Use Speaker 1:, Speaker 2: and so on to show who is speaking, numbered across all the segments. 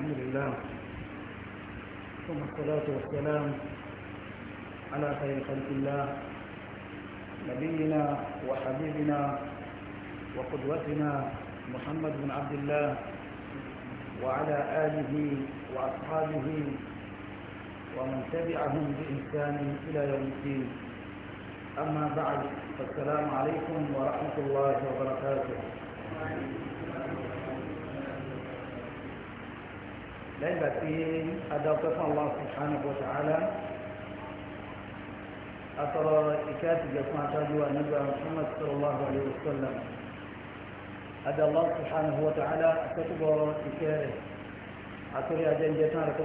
Speaker 1: الحمد لله ثم الصلاة والسلام على خير خلق الله نبينا وحبيبنا وقدوتنا محمد بن عبد الله وعلى آله وأصحابه ومن تبعهم بإحسان إلى يوم الدين أما بعد فالسلام عليكم ورحمة الله وبركاته lẹ́yìn ìgbà tí adáwọ̀pẹ́ fún Allah subhanahu wa ta'ala atọ́rọ ìkẹ́ àtìjẹ fún aṣáájú wa nígbà Muhammad sallallahu alayhi wa sallam adá Allah subhanahu wa ta'ala akẹ́tùbọ̀ ìkẹ́ rẹ̀ àtúrí ajẹ́jẹ́ tán rẹ̀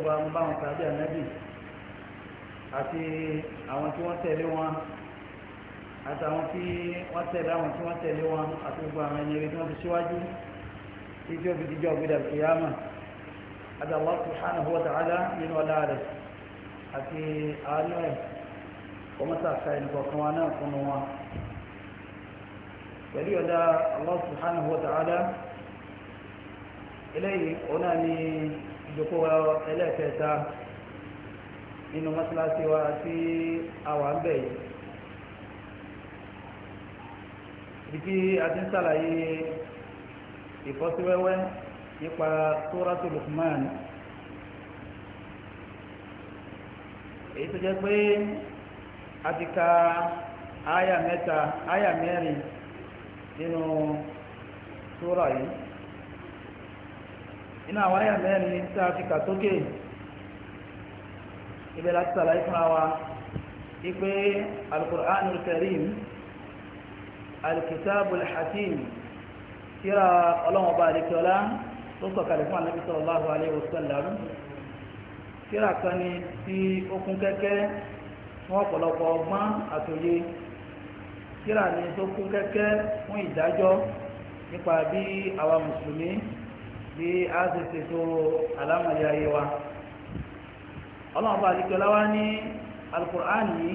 Speaker 1: àtàwọn tí wọ́n tẹ̀lé àwọn tí wọ́n tẹ̀lé wọn àti gbogbo àwọn ẹni eré tí wọ́n ti síwájú títí ó fi dijọ́ ògbédà kìyàmà àti Allah subhanahu wa ta'ala nínú ọlá rẹ̀ àti àánú ẹ̀ kọmọ́tà ka ẹnìkọ̀ọ̀kan wa náà fún wọn pẹ̀lú ọ̀dá Allah subhanahu wa ta'ala eléyìí ọ̀nà ni ìjókòó ẹlẹ́ẹ̀kẹta nínú mọ́sálásí wa tí a ń bẹ̀ yìí ìfọ́síwẹ́wẹ́ nípa Suratu Luqman èyí tó jẹ́ pé a ti ka aya mẹ́ta aya mẹ́rin nínú sura yìí nínú àwọn aya mẹ́rin tí a ti kà sókè ibẹ̀ láti sàlàyé fún wa ipe alukur'an karim alukitabu alhakim kíra ọlọ́wọ́n bá àdìkọ́lá tó sọ̀kalẹ̀ fún anábì sallallahu alaihi wasallam kíra kan ni tí ó kún kẹ́kẹ́ fún ọ̀pọ̀lọpọ̀ ọgbọ́n àtòye kíra ni tó kún kẹ́kẹ́ fún ìdájọ́ nípa bí àwa mùsùlùmí bí a ti ṣètò àlámọ̀lé ayé wa ọlọ́run bá àdìkẹ́ láwá ní alukur'an yìí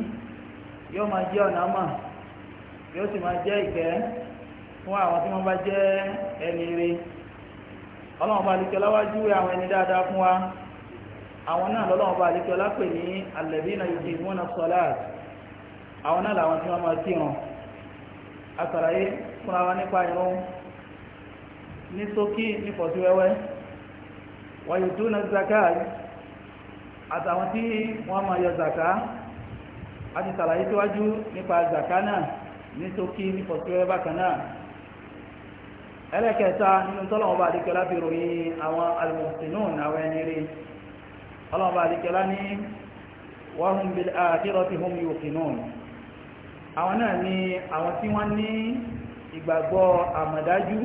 Speaker 1: yóò máa jẹ́ ọ̀nà mọ̀ yóò sì máa jẹ́ ìkẹ́ fún àwọn tí wọ́n bá jẹ́ ẹni ọlọ́run bá alikẹ́ láwájú àwọn ẹni dáadáa fún wa àwọn náà lọ́lọ́run bá alikẹ́ lápè ní alladhina yuqimuna salat àwọn náà làwọn tí wọ́n máa kírun àtàlàyé fúnra wa nípa ìrun ní ṣókí ní fọ̀síwẹ́wẹ́ wa yutuna zakat àtàwọn tí wọ́n máa yọ zaka àti tàlàyé síwájú nípa zaka náà ní ṣókí ní fọ̀síwẹ́wẹ́ bákan náà ẹlẹ́kẹta nínú tọ́lọ̀wọ́ bá dìkẹ́lá fi ròyìn àwọn almuhsinun àwọn ẹni rí ọlọ́wọ́ bá dìkẹ́lá ní wa hum bil akhirati hum yuqinun àwọn náà ni àwọn tí wọ́n ní ìgbàgbọ́ àmọ̀dájú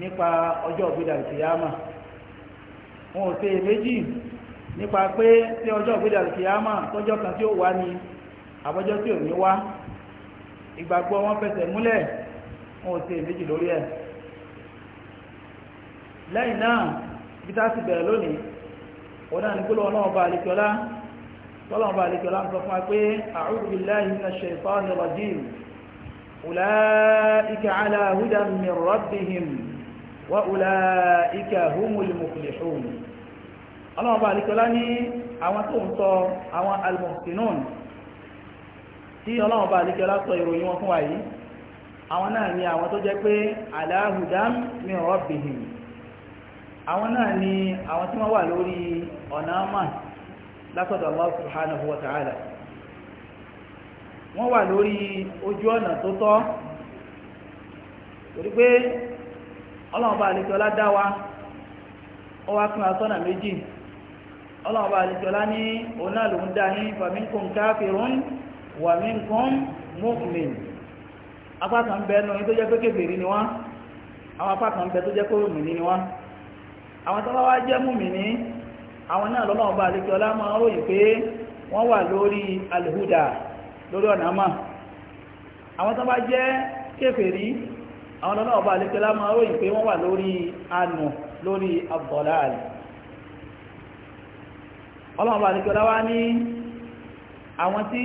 Speaker 1: nípa ọjọ́ ògbédà ìkìyàmà wọn ò tẹ́ méjì nípa pé tí ọjọ́ ògbédà ìkìyàmà tọ́jọ́ kan tí ó wá ní àbọ́jọ́ tí ò ní wá ìgbàgbọ́ wọn fẹsẹ̀ múlẹ̀ wọn ò tẹ́ méjì lórí ẹ̀ lẹ́yìn náà bítá sì bẹ̀rẹ̀ lónìí ọ̀dá ní gbólọ́ ọlọ́ọ̀bá àlekọ́lá tọ́lọ́ọ̀bá àlekọ́lá ń sọ fún wa pé a'udhu billahi minash shaytanir rajim ulaika ala hudan min rabbihim wa ulaika humul muflihun ọlọ́ọ̀bá àlekọ́lá ìròyìn wọn fún wa àwọn náà ni àwọn tó jẹ́ pé ala hudan min àwọn náà ni àwọn tí wọ́n wà lórí ọ̀nà àmà látọ̀dọ̀ Allah subhanahu wa ta'ala wọ́n wà lórí ojú ọ̀nà tó tọ́ torí pé ọlọ́ọ̀bá àlejọ́lá dá wa ó wá fún asọ́nà méjì ọlọ́ọ̀bá àlejọ́lá ní dá kafirun wa minkum mu'min apá kan bẹ́ẹ̀ tó jẹ́ pé ni wọ́n àwọn apá kan bẹ́ẹ̀ tó jẹ́ àwọn tó bá wá jẹ́ mùmìnì àwọn náà lọ́lọ́wọ́ ma àlékè ọlá máa ròyìn pé alhuda lórí ọ̀nà ma. àwọn tó bá jẹ́ kèfèrí àwọn lọ́lọ́wọ́ bá ma ọlá máa ròyìn pé wọ́n wà lórí ànù lórí abdọ́láàlì ọlọ́wọ́ bá àlékè ọlá wá ní àwọn tí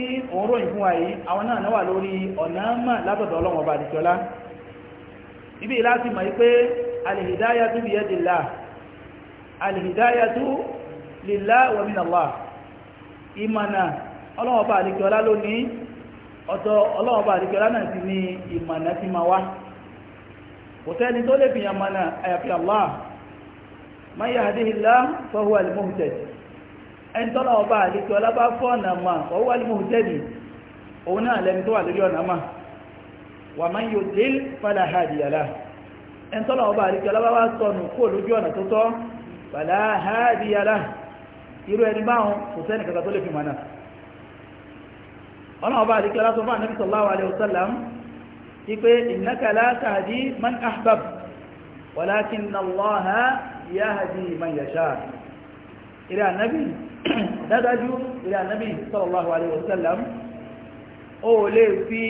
Speaker 1: ròyìn wa yìí àwọn náà náà wà lórí ọ̀nà mà látọ̀dọ̀ ọlọ́wọ́ ọlá ibi láti mọ̀ yìí pé tó alìdáyàtú lílá wàmínàlá ìmànà ọlọ́wọ́ba àdìkọ́lá lónìí ọ̀tọ̀ ọlọ́wọ́ba àdìkọ́lá náà ti ní ìmànà ti ma wá kò sẹ́ni tó lè fìyàn mànà àyàfi Allah man yahdihillah fahuwa al-muhtadi ẹni tọ́lọ́wọ́ba àdìkọ́lá bá fọ́ọ̀nà mà fahuwa al-muhtadi òun náà lẹ́ni tó wà na ọ̀nà mà wa man yudlil fala hadiya lah ẹni tọ́lọ́wọ́ba àdìkọ́lá bá wá sọnù kó fàlá hádìyà lá irú ẹni báwọn kò sẹ́ni kankan tó lè fi mọ̀nà ọ̀nà ọba àdíkẹ́ látọ́ fún ànábì sallallahu alaihi wasallam wípé innaka la tahdi man ahbab walakinna Allaha yahdi man yasha ìrẹ́ ànábì dádájú ìrẹ́ ànábì sallallahu alaihi wasallam ó lè fi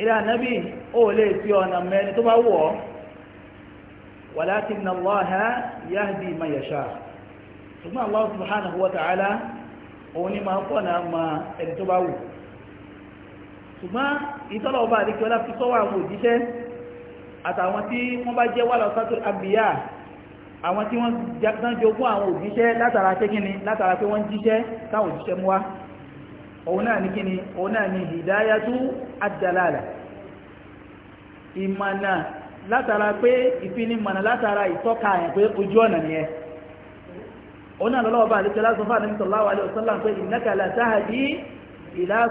Speaker 1: ilé ànábì ó lè fi ọ̀nà mẹ́ni tó bá wù ọ́ walakinna Allaha yahdi man yasha ṣùgbọ́n Allah subhanahu wa ta'ala òun ni máa ń pọ̀nà ma ẹni tó bá wù ṣùgbọ́n ìtọ́lọ̀ ọba àdíkẹ́ ọlá fi sọ́wọ́ àwọn òjíṣẹ́ àtàwọn tí wọ́n bá jẹ́ wàlọ̀ sátúrú àbíyà àwọn tí wọ́n jogún àwọn òjíṣẹ́ látara pé látara pé wọ́n jíṣẹ́ táwọn òjíṣẹ́ mú wá òun náà ní kíni òun hidayatu ad imana látara pé ìfini mọ̀nà látara ìtọ́ka àyàn pé ojú ọ̀nà ni ẹ òun náà lọ́lọ́wọ́ bá àlejò lásán fún àdéhùn pé ila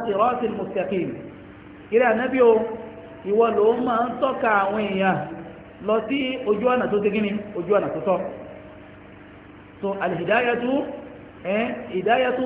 Speaker 1: siratil lọ so al-hidayatu eh hidayatu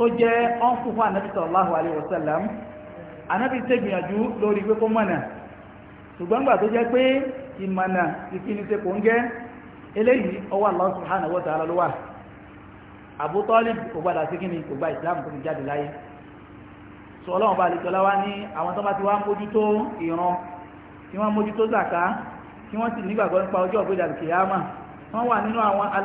Speaker 1: tó jẹ́ ọ́nkù fún ànábì sallallahu alaihi wasallam ànábì tẹ́ gbìyànjú lórí pé kó mọ̀nà ṣùgbọ́n gbà tó jẹ́ pé ìmọ̀nà ìfinise kò ń gẹ́ eléyìí ọwọ́ Allah subhanahu wa wà Abu Talib kò gbàdá sí Islam tó fi jáde láyé sọ ọlọ́run bá àlejòlá wá ní àwọn tó bá ti wá ń mójútó ìran tí wọ́n mójútó zàká tí wà nínú àwọn al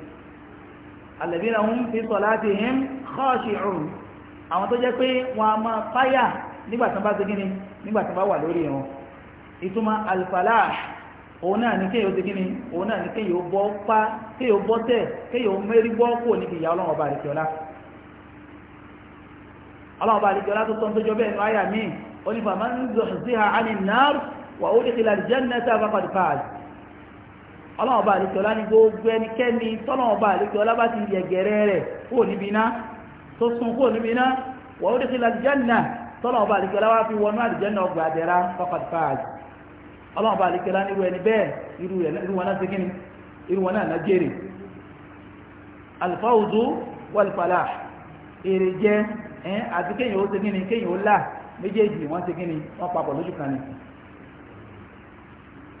Speaker 1: alladhina hum fi salatihim khashi'un àwọn tó jẹ́ pé wọn a máa fáyà nígbàtán bá segin ni nígbàtán bá wà lórí wọn ìtumọ̀ al-falah òun náà ní kéèyàn ti gíní òun náà ní kéèyàn bọ́ pa kéèyàn bọ́ tẹ̀ kéèyàn mérí bọ́ kò níbi ìyá ọlọ́run ọba àdìjọ́lá ó ní ọlọ́wọ́n bá àlejò ọlá ní gbogbo ẹnikẹ́ni tọ́lọ́wọ́n bá àlejò ọlá bá ti yẹ gẹ̀rẹ́ rẹ̀ kúrò níbi iná tó sun kúrò níbi iná wà ó dékè lálìjánà tọ́lọ́wọ́n bá àlejò ọlá wá fi wọnú àlìjánà ọgbà àdẹ́ra faqad faz ọlọ́wọ́n bá àlejò ọlá nírú ẹni bẹ́ẹ̀ irú wọn náà ṣe kíni irú wọn náà náà jèrè alfawzu wal falah èrè jẹ àti kéèyàn ó ṣe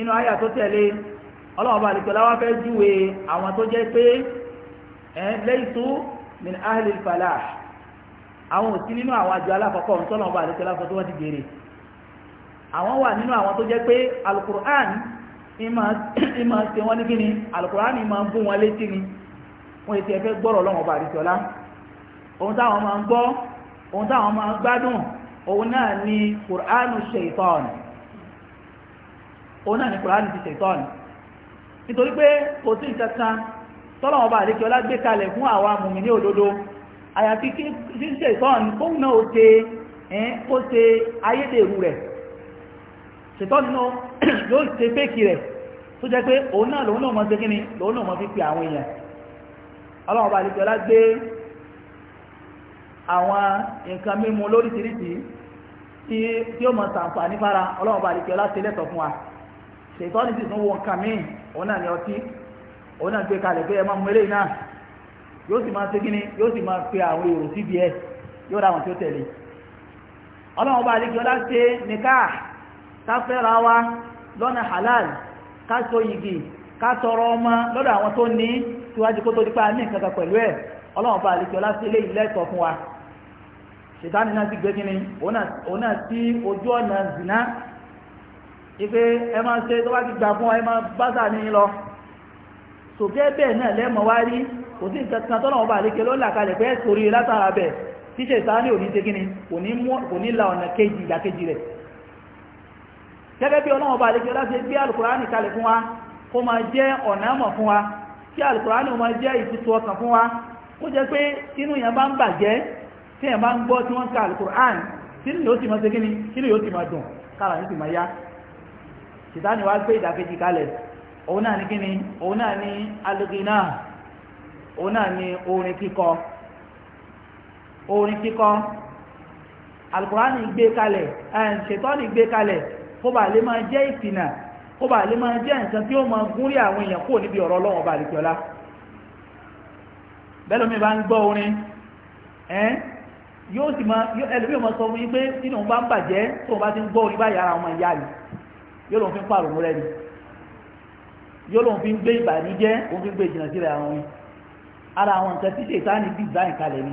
Speaker 1: inú àyà tó tẹ̀lé ọlọ́run bá àlùkò láwá fẹ́ júwe àwọn tó jẹ́ pé ẹ̀ laysu min ahli al-falah àwọn òsí nínú àwọn àjọ aláfọ̀kọ́ ọ̀tọ́lọ́run bá àlùkò láfọ́ tó wọ́n ti béèrè àwọn wà nínú àwọn tó jẹ́ pé alukur'an ìmọ̀ ṣe wọ́n ní kí ni alukur'an ìmọ̀ ń bú òun náà ni kùránì ti ṣètọ́nì nítorí pé kò sí ìtẹ́tàn tọ́lọ̀wọ́n bá àdékẹ́ ọlá gbé kalẹ̀ fún àwa mùmí ní òdodo àyàfi kí ṣètọ́nì kóhùn náà ó ṣe ó ṣe ayédèrú rẹ̀ ṣètọ́nì yóò ṣe fẹ́ẹ̀kì rẹ̀ tó jẹ́ pé òun náà lòun náà mọ́ ṣe kí ni lòun náà mọ́ fi pe àwọn èèyàn ọlọ́wọ́n bá àdékẹ́ ọlá gbé àwọn nǹkan mímu lóríṣiríṣi tí ó mọ̀ ṣètọ́ ní sísun wo nǹkan míì òun náà ní ọtí òun náà gbé kalẹ̀ pé ẹ máa mú eléyìí náà yóò sì máa ṣe kíni yóò sì máa pe àwọn èrò síbi ẹ yóò ra àwọn tẹ̀lé ọlọ́run ọlá ṣe ká halal ká so igi ká tọrọ ọmọ lọ́dọ̀ àwọn tó ní síwájú kó tó dípa ní nǹkan kan pẹ̀lú ọlọ́run ọlá ṣe eléyìí fún wa zina ife ẹ máa ṣe tó bá ti gbà fún ẹ máa báṣà ní lọ sòfẹ́ bẹ́ẹ̀ náà lẹ́mọ̀ wá rí kò sí nǹkan kan tọ́nà ọba àlékè ló là kalẹ̀ pé sórí látara bẹ̀ tíṣe ìsáálé òní ṣe kíni kò ní la ọ̀nà kejì ìyàkejì rẹ̀ gẹ́gẹ́ bí ọlọ́run ọba àlékè láti gbé alukurani kalẹ̀ fún wa kó máa jẹ́ ọ̀nà mọ̀ fún wa kí alukurani máa jẹ́ ìtutù ọkàn fún wa kó jẹ́ pé inú yẹn bá ń bàjẹ́ tí yẹn bá ń gbọ́ tí wọ́n ka alukurani kí ni yóò ti máa ṣe kíni kí ni yóò ti máa dùn kára yóò ti máa yá sìtáni wá gbé ìdàkejì kalẹ̀ òun náà ní kíni òun náà ní alugina òun náà ní orin kíkọ orin kíkọ alukurani gbé kalẹ̀ ṣètọ́ni gbé kalẹ̀ kó bàa lè máa jẹ́ ìpìnà kó bàa lè máa jẹ́ nǹkan tí ó máa gúnrí àwọn èèyàn kúrò níbi ọ̀rọ̀ ọlọ́wọ́n bá àlùkìọ́lá bẹ́ẹ̀ bá ń gbọ́ orin ẹ́n yóò sì máa ẹlòmíì máa sọ fún yín pé nínú bá ń bàjẹ́ tó bá ti ń gbọ́ orin báyìí ara ọmọ ìyá rẹ̀ yóò lóun fi ń pààrọ̀ múrẹ́ ni yóò lóun fi ń gbé ìbànújẹ́ òun fi ń gbé ìjìnà sílẹ̀ àwọn ni ara àwọn nǹkan tí ṣètánì bí ìzáyìn kalẹ̀ ni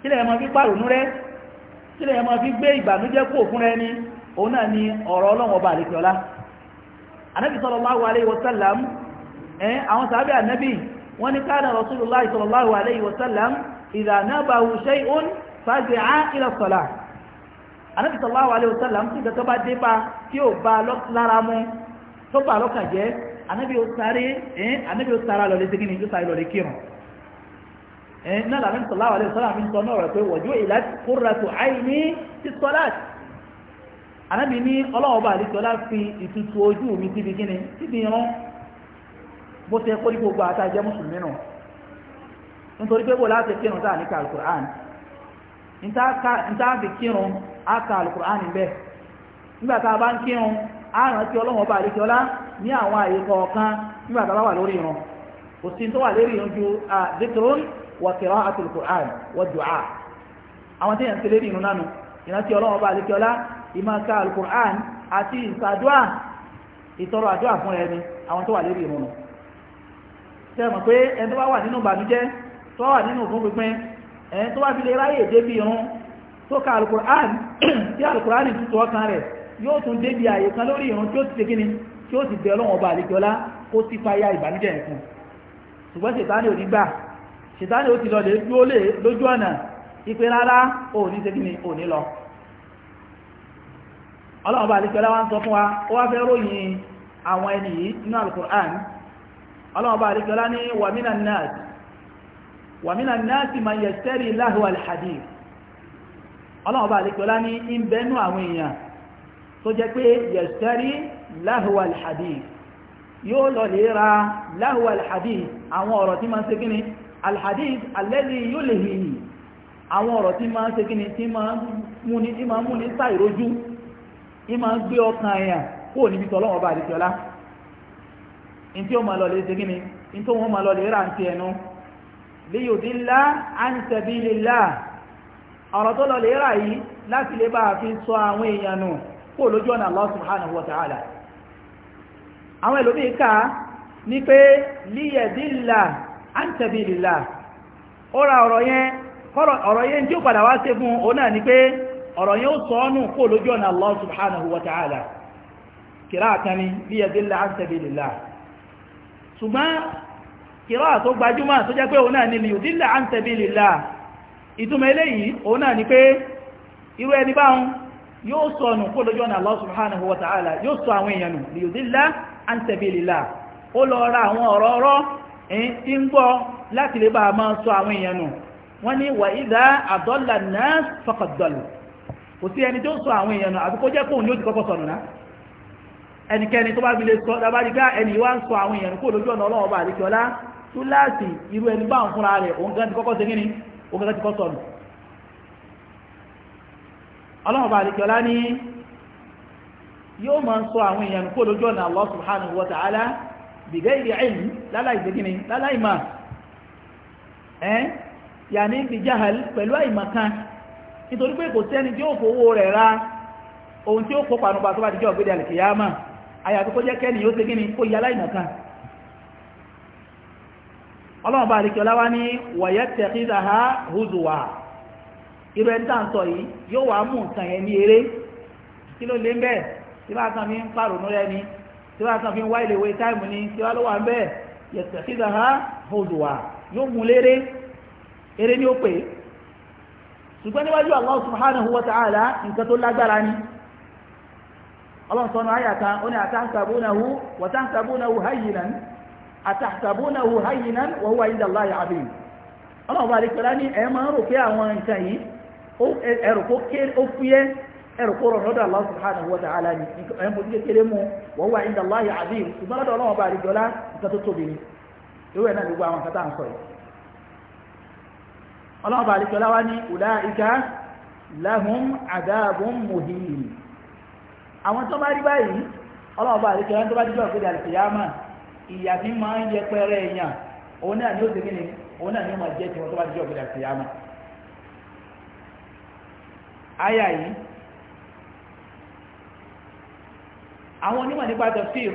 Speaker 1: sílẹ̀ ẹ̀ máa fi pààrọ̀ múrẹ́ sílẹ̀ ẹ̀ máa fi gbé ìbànújẹ́ kú òkun rẹ ni òun náà ni ọ̀rọ̀ ọlọ́run ọba àlejò ọlá anabi sallallahu alayhi wa sallam ẹ̀ àwọn sàábẹ̀ anabi wọ́n ní káàdà rasulullah sallallahu alayhi wa sallam ìdá náà bá wù ṣe Ànábì sallallahu alaihi wasallam tí ìgbà tó bá dé bá tí ó bá lára mú tó bá lọ́kà jẹ́ Ànábì ó sáré ẹ́n Ànábì ó sára lọ lè ṣe gíní ó sáré lọ lè kírun ẹ́n náà Ànábì sallallahu alaihi wasallam fi ń sọ náà rẹ̀ pé waju'ilat qurratu aini fi salat Ànábì ní ọlọ́ọ̀bà àlìsọ́lá fi ìtutù ojú mi síbi gíní síbi irun bó ṣe kó ní gbogbo àtàjẹ́ mùsùlùmí nù nítorí pé bó láti kírun táà ní kàlùkùrán ní táà fi kírun aka alukur'ani bẹ́ nígbàtà bá ń kírun àrùn tí ọlọ́wọ́ bá àríkẹ́ ọlá ní àwọn àyè kọ̀ọ̀kan nígbàtà bá wà lórí ìran kò sí tó wà lérí ìran ju àdétron wa qira'atul qur'an wa du'a àwọn tí yẹn ti lérí ìran nánu ìran tí ọlọ́wọ́ bá àríkẹ́ ọlá ìmáka alukur'an àti ìsàdúà ìtọrọ àdúà fún ẹni àwọn tó wà lérí ìran nínú ìbànújẹ́ pínpín ẹni tó wà fi lè ráyè débi ìran tó ka tí alukur'an ti tọ́ kan rẹ̀ yóò tún débi àyè kan lórí ìrun tí ó ti tí ó ti bẹ̀ ọba àlejòlá kó ti fa ya ìbànújẹ́ yẹn ṣùgbọ́n ṣètánì ò ní gbà ó ti lọ lè dúró lè lójú ọ̀nà lọ ọba ń sọ fún wa ó wá fẹ́ ròyìn àwọn ẹni yìí nínú ọba ní wàmínà náà wàmínà náà ọlọ́ọ̀bá àlekọ́lá ní ìbẹ́nú àwọn èèyàn tó jẹ́ pé yẹ̀sẹ̀rí láhùwà alhadith yóò lọ lè ra láhùwà alhadith àwọn ọ̀rọ̀ tí ma ń ṣe kíni alhadith alẹ́lì yóò lè hìí àwọn ọ̀rọ̀ tí ma ń ṣe kíni tí ma ń múni sá ìrójú tí ma ń gbé ọ̀rọ̀ tó lọ lè rà yìí láti lè bá fi sọ àwọn èèyàn nù kó lójú ọ̀nà Allah subhanahu wa ta'ala àwọn ẹlòmí ká ní pé líyẹ̀dílà áńtẹ̀bìlìlà ó ra ọ̀rọ̀ yẹn tí ó padà wá sí fún òun ni pé ọ̀rọ̀ yẹn ó sọ ọ́nù kó lójú ọ̀nà Allah subhanahu wa ìtumọ̀ eléyìí òun náà ni pé irú ẹni báhun yóò sọ ọ̀nà kó lójú ọ̀nà yóò sọ àwọn èèyàn nù li yudilla an sabilillah ó lọ ra àwọn ọ̀rọ̀ ọ̀rọ̀ tí ń gbọ́ láti lè bá máa sọ àwọn èèyàn nù wọ́n ní wa idha adalla ogagá ti kọ́ sọ̀nù ọlọ́ọ̀bá àríkẹ́ọlá ní yóò máa ń sọ àwọn èèyàn kó lójú ọ̀nà Allah subhanahu wa ta'ala bigayri ilm láláìdégínì láláìmà ẹ́n yàní bi jahal pẹ̀lú àìmọ̀kan nítorí pé kò sẹ́ni tí ó fowó rẹ̀ ra ohun tí ó kó panuba tó bá dijọ́ ògbédè àlìkìyàmà àyàtúkọ́ jẹ́ kẹ́ni yóò ṣe kó yí aláìmọ̀kan ọlọ́run bá rí kí ọlá wá ní wọ̀yẹ́ tẹ̀kíza ha húzùwà irú ẹni tàǹtọ̀ yìí yóò wá mú nǹkan yẹn ní eré kí ló lé ń bẹ́ẹ̀ tí bá san fi ń pàrònú rẹ ni tí bá san fi ń wá ilé ìwé táìmù ni tí wá ló wà ń bẹ́ẹ̀ yẹ tẹ̀kíza ha húzùwà yóò mú léré eré ni ó pè ṣùgbọ́n níwájú Allah àtàtàbónàwò hayinan wa huwa inda Allahi azim ọlọ́ọ̀bá àríkọlá ní ẹ máa ń rò pé àwọn nǹkan yìí ẹ̀rùkó fúyẹ́ ẹ̀rùkó rọ̀lọ́dọ̀ Allah subhanahu wa ta'ala ni ẹ̀yìn bó ti kékeré mú wa huwa inda Allahi azim ṣùgbọ́n lọ́dọ̀ ọlọ́ọ̀bá àríkọlá nǹkan tó tóbi ni irú ẹ̀ náà gbogbo àwọn nǹkan tá à ń sọ yìí ọlọ́ọ̀bá àríkọlá wá ní ulaika ìyà tí máa ń ya èèyàn òun náà ni ó ti kíni òun náà ni ó máa jẹ́ tiwọn tó bá jẹ́ òkúta sí àmà. àyà yìí àwọn onímọ̀ nípa tafsir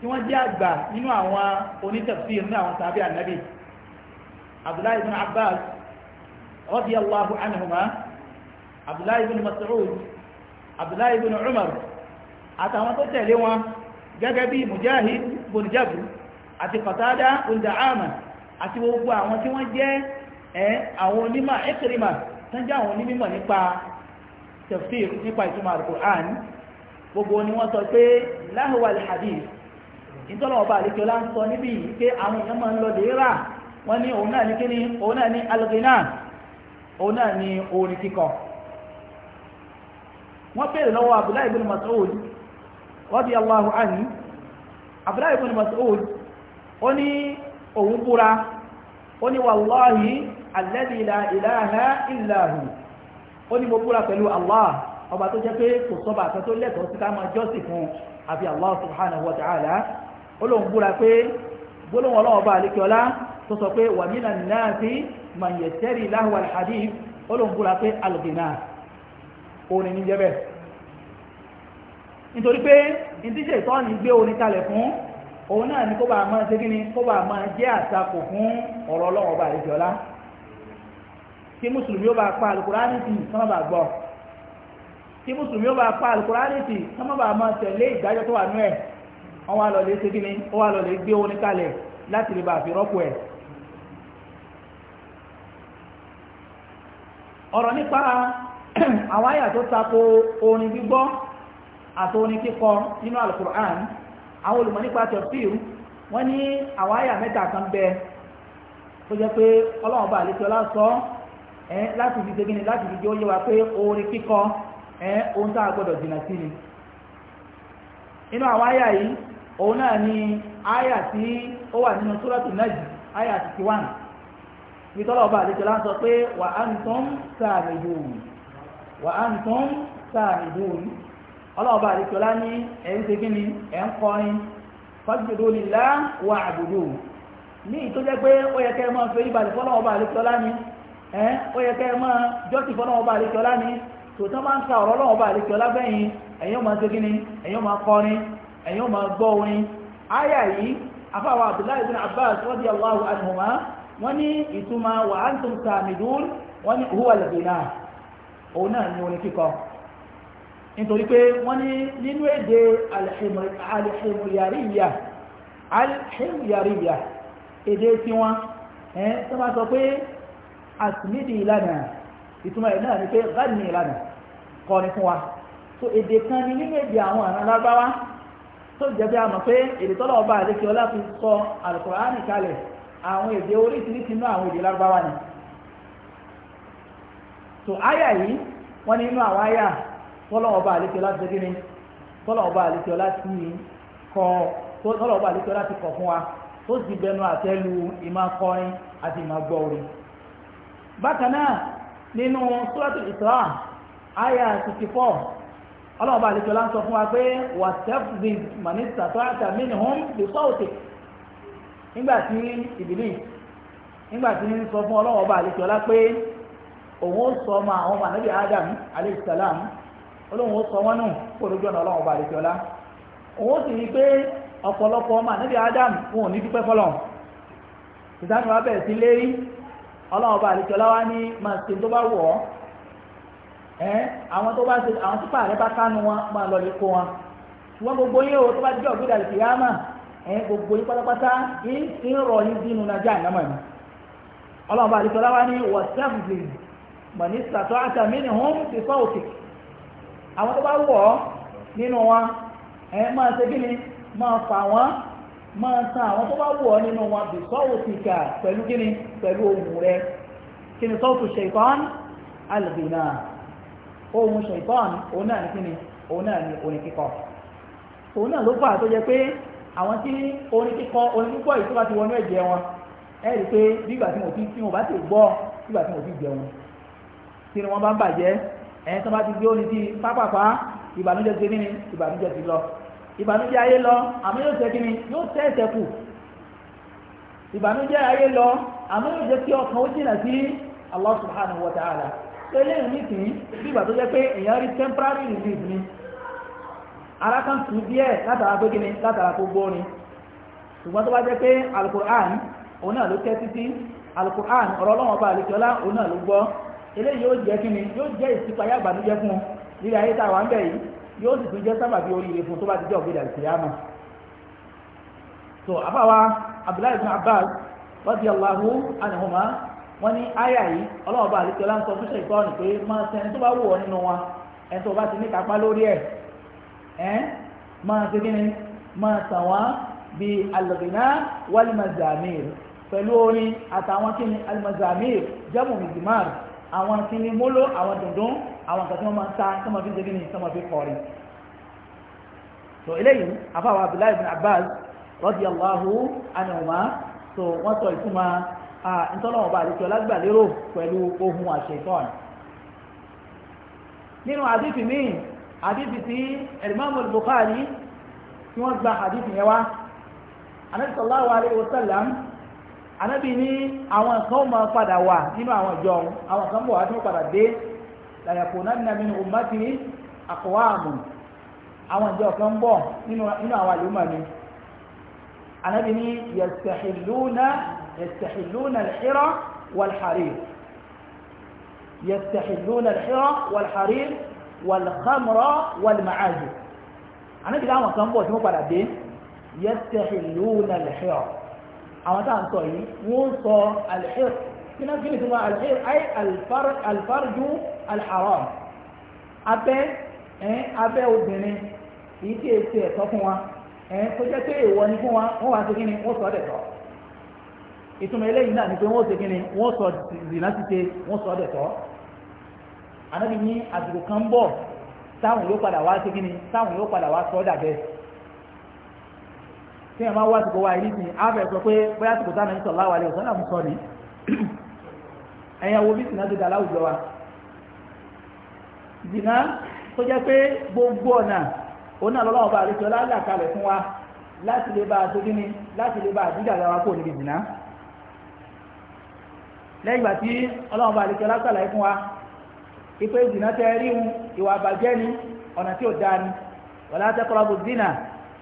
Speaker 1: tí wọ́n jẹ́ àgbà nínú àwọn onítafsir ní àwọn sàbí ànábì abdullahi ibn abbas radiyallahu anhuma abdullahi ibn mas'ud abdullahi ibn umar àtàwọn tó tẹ̀lé wọn bun jabr àti qatada bun da'ama àti gbogbo àwọn tí wọ́n jẹ́ àwọn onímọ̀ ikrima tán jẹ́ àwọn onímọ̀ nípa tafsir nípa ìtumọ̀ al-Qur'an gbogbo ni wọ́n sọ pé láhùwà al-hadith ìtọ́lọ̀ ọba àríkẹ́ lá ń sọ níbi pé àwọn èèyàn máa ń lọ lèérà wọ́n abdullahi ibn mas'ud ó ní òun búra ó ní wallahi alladhi la ilaha illa hu ó ní mo búra pẹ̀lú allah ọba tó jẹ́ pé kò sọ́ba àtọ́ tó lẹ́tọ̀ọ́ sí ká máa jọ́sìn fún àfi allah subhanahu wa ta'ala ó lóun búra nítorí pé ìdíṣẹ́ ni gbé orin kalẹ̀ fún òun náà ni kó bá máa ṣe kíni kó bá máa jẹ́ àtakò fún ọ̀rọ̀ ọlọ́run ọba àdéjọ́lá kí mùsùlùmí ó bá pa àlùkùránì tì sọ́nà bá gbọ́ kí mùsùlùmí ó bá pa àlùkùránì tì sọ́nà bá máa tẹ̀lé ìdájọ́ tó wà nú ẹ̀ wọ́n wá lọ lè ṣe kíni ó wá lọ lè gbé orin kalẹ̀ láti lè bá fi rọ́pò ẹ̀ ọ̀rọ̀ nípa àwọn àyà tó tako orin gbígbọ́ àtòrin kíkọ nínú alukur'an àwọn olùmọ̀ nípa tẹ̀síù wọ́n ní àwọn àyà mẹ́ta kan bẹ tó jẹ́ pé ọlọ́run bá àlejò lásọ ẹ láti fi segin ni láti fi jẹ́ ó yé wa pé orin kíkọ ẹ ohun tá a gbọ́dọ̀ jìnnà sí ni inú àwọn àyà yìí òun náà ni àyà tí ó wà nínú súrọ́tù nájì àyà sixty one ìtọ́lọ̀ ọba àlejò lásọ pé wa antum sa'idun wa ọlọ́ọ̀bá àríkọlá ní ẹ̀yìn tí kí ni ẹ̀ ń kọrin fásitì nílá wà àbùdó ní ìtó jẹ́ pé ó yẹ kẹ́ máa fẹ́ ìbàlẹ̀ fọ́lọ́ọ̀bá àríkọlá ní ẹ̀ ó yẹ kẹ́ máa jọ́sì fọ́lọ́ọ̀bá àríkọlá ní tòótọ́ máa ń ka ọ̀rọ̀ ọlọ́ọ̀bá àríkọlá bẹ́yìn ẹ̀yin ó máa ṣe kí ni ẹ̀yin ó máa kọrin ẹ̀yin ó nítorí pé wọ́n ní nínú èdè alìhìmùyàríyà alìhìmùyàríyà èdè tí wọ́n ẹ́ tó bá sọ pé asmidi ìlànà ìtumọ̀ ẹ̀ náà ni pé gáàdì ìlànà kọ́ ni fún wa so èdè kan ni nínú èdè àwọn àrùn alágbáwá tó jẹ́ bí a mọ̀ pé èdè tọ́lọ̀ ọba àdékẹ́ ọlá fi sọ alùkùránì kalẹ̀ àwọn èdè oríṣiríṣi inú àwọn èdè lágbáwá ni so áyà yìí wọ́n ní inú àwọn áyà tọ́lọ́wọ́ bá àlékè ọlá ti kíni tọ́lọ́wọ́ bá àlékè ọlá ti kọ́ tọ́lọ́wọ́ bá àlékè ọlá ti kọ̀ fún wa tó sì bẹnu àtẹ́lu ìmọ̀ akọrin àti ìmọ̀ gbọ́ orin. bákan nínú sùràtù Isra àyà 64 ọlọ́wọ́ bá àlékè ọlá ń sọ fún wa pé wà sẹ́fùdì mọ̀nísà tó àtà mínìhùn lè sọ́ọ̀tì nígbà tí ìbílí nígbà tí sọ fún ọlọ́wọ́ pé Adam alayhi olóhùn ó sọ wọn nù kó lójú ọ̀nà ọlọ́run ọba àdìjọ́lá òun sì rí pé ọ̀pọ̀lọpọ̀ ọmọ ànábì Adam wọn ò ní dúpẹ́ fọlọ́n ìsánú wa bẹ̀rẹ̀ sí lérí ọlọ́run ọba àdìjọ́lá wa ní máa ṣe tó bá wọ̀ ọ́ ẹ́ àwọn tó bá ṣe àwọn bá kánú wọn máa lọ lè kó wọn ṣùgbọ́n gbogbo yín o tó bá jẹ́ mà gbogbo yín pátápátá ń rọ àwọn tó bá wọ̀ nínú wọn ẹ máa ṣe kí ni máa fà wọ́n máa tan àwọn tó bá wọ̀ ọ́ nínú wọn bí sọ́wọ́ ti kà pẹ̀lú kí ni pẹ̀lú ohùn rẹ kí ni sọ́wọ́ ṣèkán alìbìnà ohun ṣèkán òun náà ní kí ni òun náà ní orin kíkọ òun náà ló fà tó jẹ pé àwọn tí orin kíkọ orin kíkọ yìí tó bá ti wọnú ẹ̀jẹ̀ wọn ẹ rí i pé bí ìgbà tí mo bá ti gbọ́ bí ìgbà tí mo ti jẹun tí ni wọ́n bá bàjẹ́ ẹ̀yìn tó bá ti gbé orin sí pápápá ìbànújẹ́ ti kíni ìbànújẹ́ ti lọ ìbànújẹ́ ayé lọ àmọ́ yóò tẹ́ kíni yóò tẹ́ ẹ̀sẹ̀ kù ìbànújẹ́ ayé lọ àmọ́ yóò jẹ́ kí ọkàn ó jìnà sí Allah subhanahu wa ta'ala pé lẹ́yìn nìkín bí ìgbà tó jẹ́ pé èèyàn rí temporary relief ni ara kan tù díẹ̀ látara pé kíni látara kó gbórin ṣùgbọ́n tó bá jẹ́ pé alukur'an òun náà ló tẹ́ títí alukur'an ọ̀rọ̀ ọlọ́wọ́n eléyìí yóò jẹ́ kí ni yóò jẹ́ ìsìpayà àgbàdújẹ́ fún un nílẹ̀ ayé tá a wà ń bẹ̀ yìí yóò sì tún jẹ́ sábàbí oríire fún tó bá ti jẹ́ ọ̀gbẹ́dà ìsìyàmà so àbáwa abdullahi bin abbas radiyallahu anhuma wọ́n ní àyà yìí ọlọ́wọ́ bá àlejò láǹkọ́ tó ṣe ìkọ́ni pé máa ṣe ẹni tó bá wù ọ́ nínú wọn ẹni tó bá ti ní kápá lórí ẹ̀ ẹ́ máa ṣe kí ni máa sàn wọ́n bí alìrìnà wàlìmọ̀zàmìr pẹ̀lú orin àtàwọn kí ni alìmọ̀zàmìr jẹ́mù mìzìmáàrì àwọn sinmi móló àwọn dùndún àwọn nǹkan tí wọ́n máa ń ta sọ́mọ fi jẹ́gí ni sọ́mọ fi kọ̀ọ̀rì so eléyìí afáwọn abdullahi bin abbas radiyallahu anhuma so wọ́n sọ ìtumọ̀ ntọ́lọ́wọ̀n bá àdékẹ́ ọlágbàlérò pẹ̀lú ohun àṣetọ́ọ̀nù nínú àdífì míì àdífì tí ẹ̀rìmáàmù Bukhari tí wọ́n gba àdífì yẹn wá Ànábì sallallahu alaihi wasallam anábì ní àwọn kan máa padà wà nínú àwọn ìjọ òun àwọn kan bọ̀ wá tí wọ́n padà dé làyàpò náà nínú àmínú ummati aqwamu àwọn ìjọ kan bọ̀ nínú àwọn àlùmọ̀ mi anábì ní yastahilluna yastahilluna al-hira wal-harir yastahilluna al-hira wal-harir wal kan bọ̀ tí wọ́n padà dé yastahilluna al àwọn tá à ń sọ yìí wọ́n sọ alhir kí náà kí ni tó wá alhir ay alfarju alharam abẹ́ ẹ̀ abẹ́ obìnrin kì í tí e ti ẹ̀tọ́ fún wa ẹ̀ tó jẹ́ pé èèwọ̀ ni fún wa wọ́n wá sí kí ni wọ́n sọ dẹ̀tọ́ ìtumọ̀ eléyìí náà ni pé wọ́n ṣe kí wọ́n sọ zìnà títe wọ́n sọ dẹ̀tọ́ anábì ní àsìkò kan bọ̀ táwọn yóò padà wá ṣe kí táwọn yóò padà wá sọ dà bẹ́ẹ̀ tí ẹ máa wá àsìkò wa ìlú ìsìn á sọ pé bóyá àsìkò táwọn ẹni sọ̀lá wa lè sọ́lá mú sọ ni ẹ̀yàn wo bí sìnà ti dà láwùjọ wa sìnà tó jẹ́ pé gbogbo ọ̀nà òun náà lọ́wọ́ bá àlejò lálẹ́ àkàlẹ̀ fún wa láti lè bá aṣojú ni láti lè bá àdídà lára kó níbi sìnà lẹ́yìn ìgbà tí ọlọ́run bá àlejò lásàlàyé fún wa ìpè ìdìnnà tẹ́ rí ìwà àbàjẹ́ ni ọ̀nà tí ò dáa ni wala zina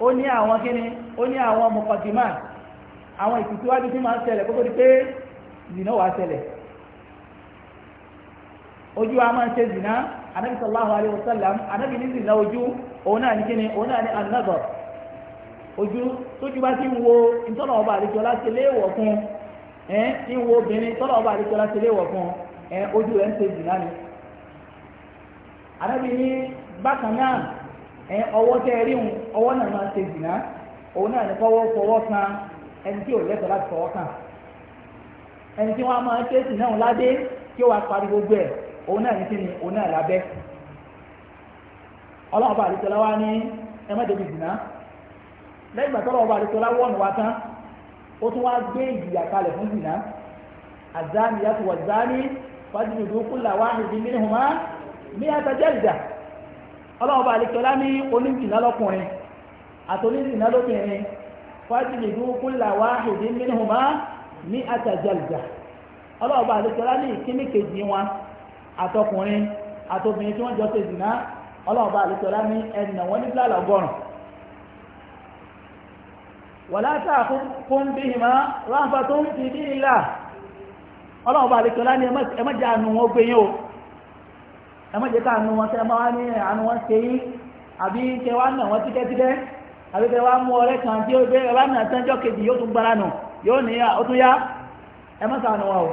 Speaker 1: ó ní àwọn kíni ó ní àwọn mọ̀kàndìmá àwọn ìtìtíwájú tí máa ń di pé zìnà wà ṣẹlẹ̀ ojú a máa ń ṣe zìnà anábì alayhi wa sallam ní zina ojú òun náà ní kíni òun náà ní ojú bá ń wo ìtọ́nà ọba àlejò láti léèwọ̀ fún ẹ̀ ń wo obìnrin tọ́nà ọba àlejò láti léèwọ̀ fún ẹ̀ ojú rẹ̀ ń ṣe zina ni ẹ ọwọ́ tẹ́ rí òun ọwọ́ náà máa ṣe jìnnà òun náà ní fọwọ́ fọwọ́ kan ẹni tí ò lẹ́tọ̀ọ́ láti fọwọ́ kan ẹni tí wọ́n máa ṣe jìnnà òun ládé tí ó parí gbogbo ẹ̀ òun náà ní kíni òun náà lábẹ́ ọlọ́run bá àdìsọ́lá wá ní ẹ má débi jìnnà lẹ́yìn ìgbà tọ́lọ́run bá àdìsọ́lá wọ́ọ̀nù wa tán ó tún gbé ìjìyà kalẹ̀ fún jìnnà àzáni yàtọ̀ wà záni ọlọ́ọ̀bá àlekọ́lá ní oníjìnà lọ́kùnrin àtòníjìnà lóbìnrin fájìlì dúkúlà wá èdè mìíràn bá ní àtàjàlìjà ọlọ́ọ̀bá àlekọ́lá ní ìkíní kejì wọn àtọkùnrin àtòbìnrin tí wọ́n jọ ṣe jìnà ọlọ́ọ̀bá àlekọ́lá ní ẹnà wọn ní bílà lọ́gọ́rùn wàlá tààkùn bíhìmá ráfàtún fi bí ìlà ọlọ́ọ̀bá àlekọ́lá ní ẹmọ́jà nù wọn gbẹ̀yìn o ẹ má jẹ́ ká àánú wọn tẹ́ bá wá ní àánú wọn ṣe yí àbí tẹ wá nà wọn títẹ́títẹ́ àbí tẹ wá mú ọ̀rẹ́ kan tí ó gbé ẹ bá nà sẹ́jọ́ kejì yóò tún gbára nù yóò ní ó tún yá ẹ má ṣàánú wọn o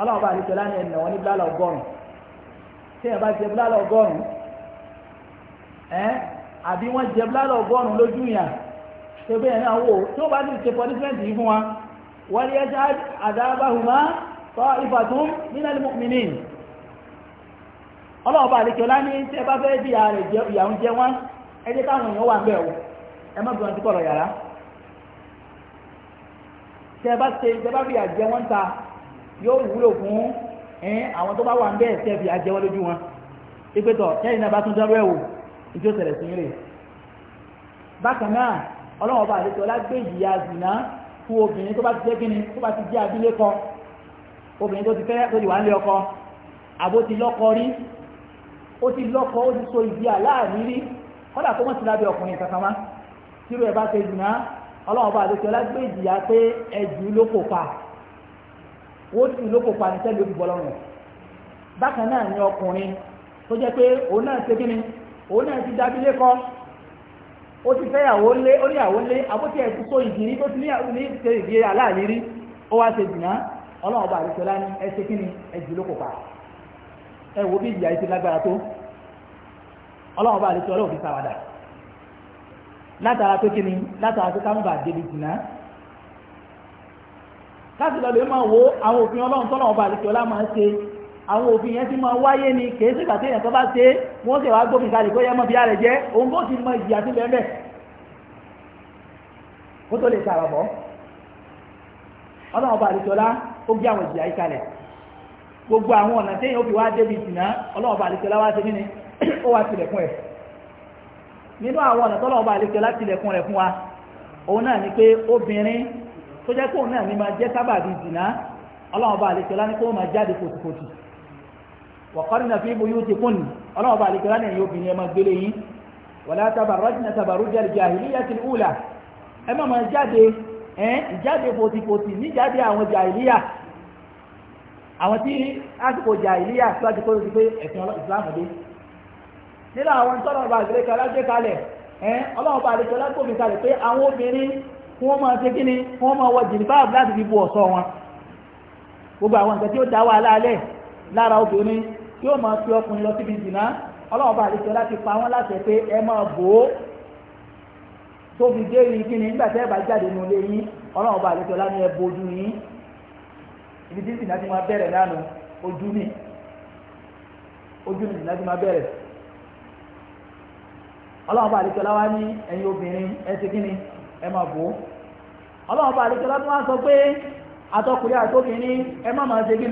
Speaker 1: ọlọ́run bá àdìsọ́lá ní ẹ̀nà wọn ní bílálà ọgọ́rùn tí ẹ bá jẹ bílálà ọgọ́rùn ẹ àbí wọ́n jẹ bílálà ọgọ́rùn lójú yàn ṣe ọlọ́ọ̀bá àlejòlá ní tẹ́ bá fẹ́ bí ìyàwó jẹ wọ́n ẹ jẹ́ káwọn èèyàn wà ń bẹ̀ o ẹ má gbọ́n ti kọ̀rọ̀ yàrá tẹ́ bá ṣe tẹ́ bá fi àjẹ wọ́n ta yóò wúlò fún àwọn tó bá wà ń bẹ̀ tẹ́ fi àjẹ wọ́n lójú wọn ipe tọ̀ kẹ́yìn náà bá tún dọ́rọ́ ẹ̀ wò ìjó tẹ̀lẹ̀ sí rè bákan náà ọlọ́ọ̀bá àlejòlá gbé ìyà zìnà fún obìnrin tó bá ti jẹ́ kíni tó bá ti jẹ́ abilékọ obìnrin tó ti fẹ́ tó ti wà ń lé ọkọ àbó rí ó ti lọ́kọ ó ti so ìdí àláàrí rí kọ́dà tó wọ́n ti lábẹ́ ọkùnrin kankan má tírú ẹ̀ bá ṣe jìnnà ọlọ́run bá àdókè ọlágbé ìjìyà pé ẹ̀jù ló kò pa ó ti ló kò pa nìṣẹ́ ló fi bọ́ lọ́rùn bákan náà ni ọkùnrin tó jẹ́ pé òun náà ṣe kíni òun náà ti dábí lékọ́ ó ti fẹ́ yàwó lé ó ní yàwó lé àbótí ẹ̀ ti so ìdí rí tó ti ní ṣe ìdí àláàrí rí ó wá ṣe jìnnà ọlọ́run bá àdókè ọlá ní ẹ pa ẹ wo bí ìyà ìṣe lágbára tó ọlọ́run bá àlejò ọlọ́run fi sàwádà látara pé kíni látara pé káwọn bá débi jìnnà láti lọ lè máa wo àwọn òfin ọlọ́run tọ́lọ́run bá àlejò ọlá máa ṣe àwọn òfin yẹn ti máa wáyé ni kèé sí ìgbà tí èèyàn tó bá ṣe wọ́n sì wá gbófin kalẹ̀ kó yẹ mọ́ bí ara rẹ̀ jẹ́ òun bó ti mọ ìjìyà sí bẹ́ẹ̀ bẹ́ẹ̀ kó tó lè sàràbọ̀ ọlọ́run bá àlejò ọlá ó gbé àwọn ìjìyà yìí kalẹ̀ gbogbo àwọn ọ̀nà tẹ́yìn ó fi wá débi ìsìnà ọlọ́ọ̀bà àlekẹ́lá wá ṣe ó wá tilẹ̀kùn ẹ̀ nínú àwọn ọ̀nà tọ́lọ́ọ̀bà àlekẹ́lá tilẹ̀kùn rẹ̀ fún wa òun náà ni pé obìnrin tó jẹ́ kóun náà ní máa jẹ́ sábàbí ìsìnà ọlọ́ọ̀bà àlekẹ́lá ní kó máa jáde kòtìkòtì waqarna fi buyutikunna ọlọ́ọ̀bà àlekẹ́lá ní obìnrin ẹ máa gbélé yín wala tabarrajna tabarruja al-jahiliyyati jáde àwọn tí àsìkò jà ìlíyà síwájú kó ti pé ẹ̀sìn ìsìláàmù dé nínú àwọn tọ́lọ̀ ọba àgbẹ̀rẹ̀ kan lájẹ́ kalẹ̀ ẹ̀ ọlọ́run ọba àdìsọ lágbòmí kalẹ̀ pé àwọn obìnrin wọ́n máa ṣe kí ni wọ́n máa wọ jìnnìbáàbù láti fi bu ọ̀ṣọ́ wọn gbogbo àwọn nǹkan tí ó dá wà láàlẹ̀ lára obìnrin tí ó máa fi ọkùnrin lọ síbi ìdìnnà ọlọ́run ọba àdìsọ láti pa wọ́n láti pé ẹ máa bò ó ni nígbà tẹ́ ibi tí ìsìn náà ti máa bẹ̀rẹ̀ lánàá ojú ni ojú ni ìsìn ti máa bẹ̀rẹ̀ ọlọ́run bá àdìsọ́lá wá ní ẹ̀yin obìnrin ni máa bò ó ọlọ́run bá àdìsọ́lá tó wá sọ pé atọ́kùnrin àtọ́kùnrin ẹ má máa ṣe máa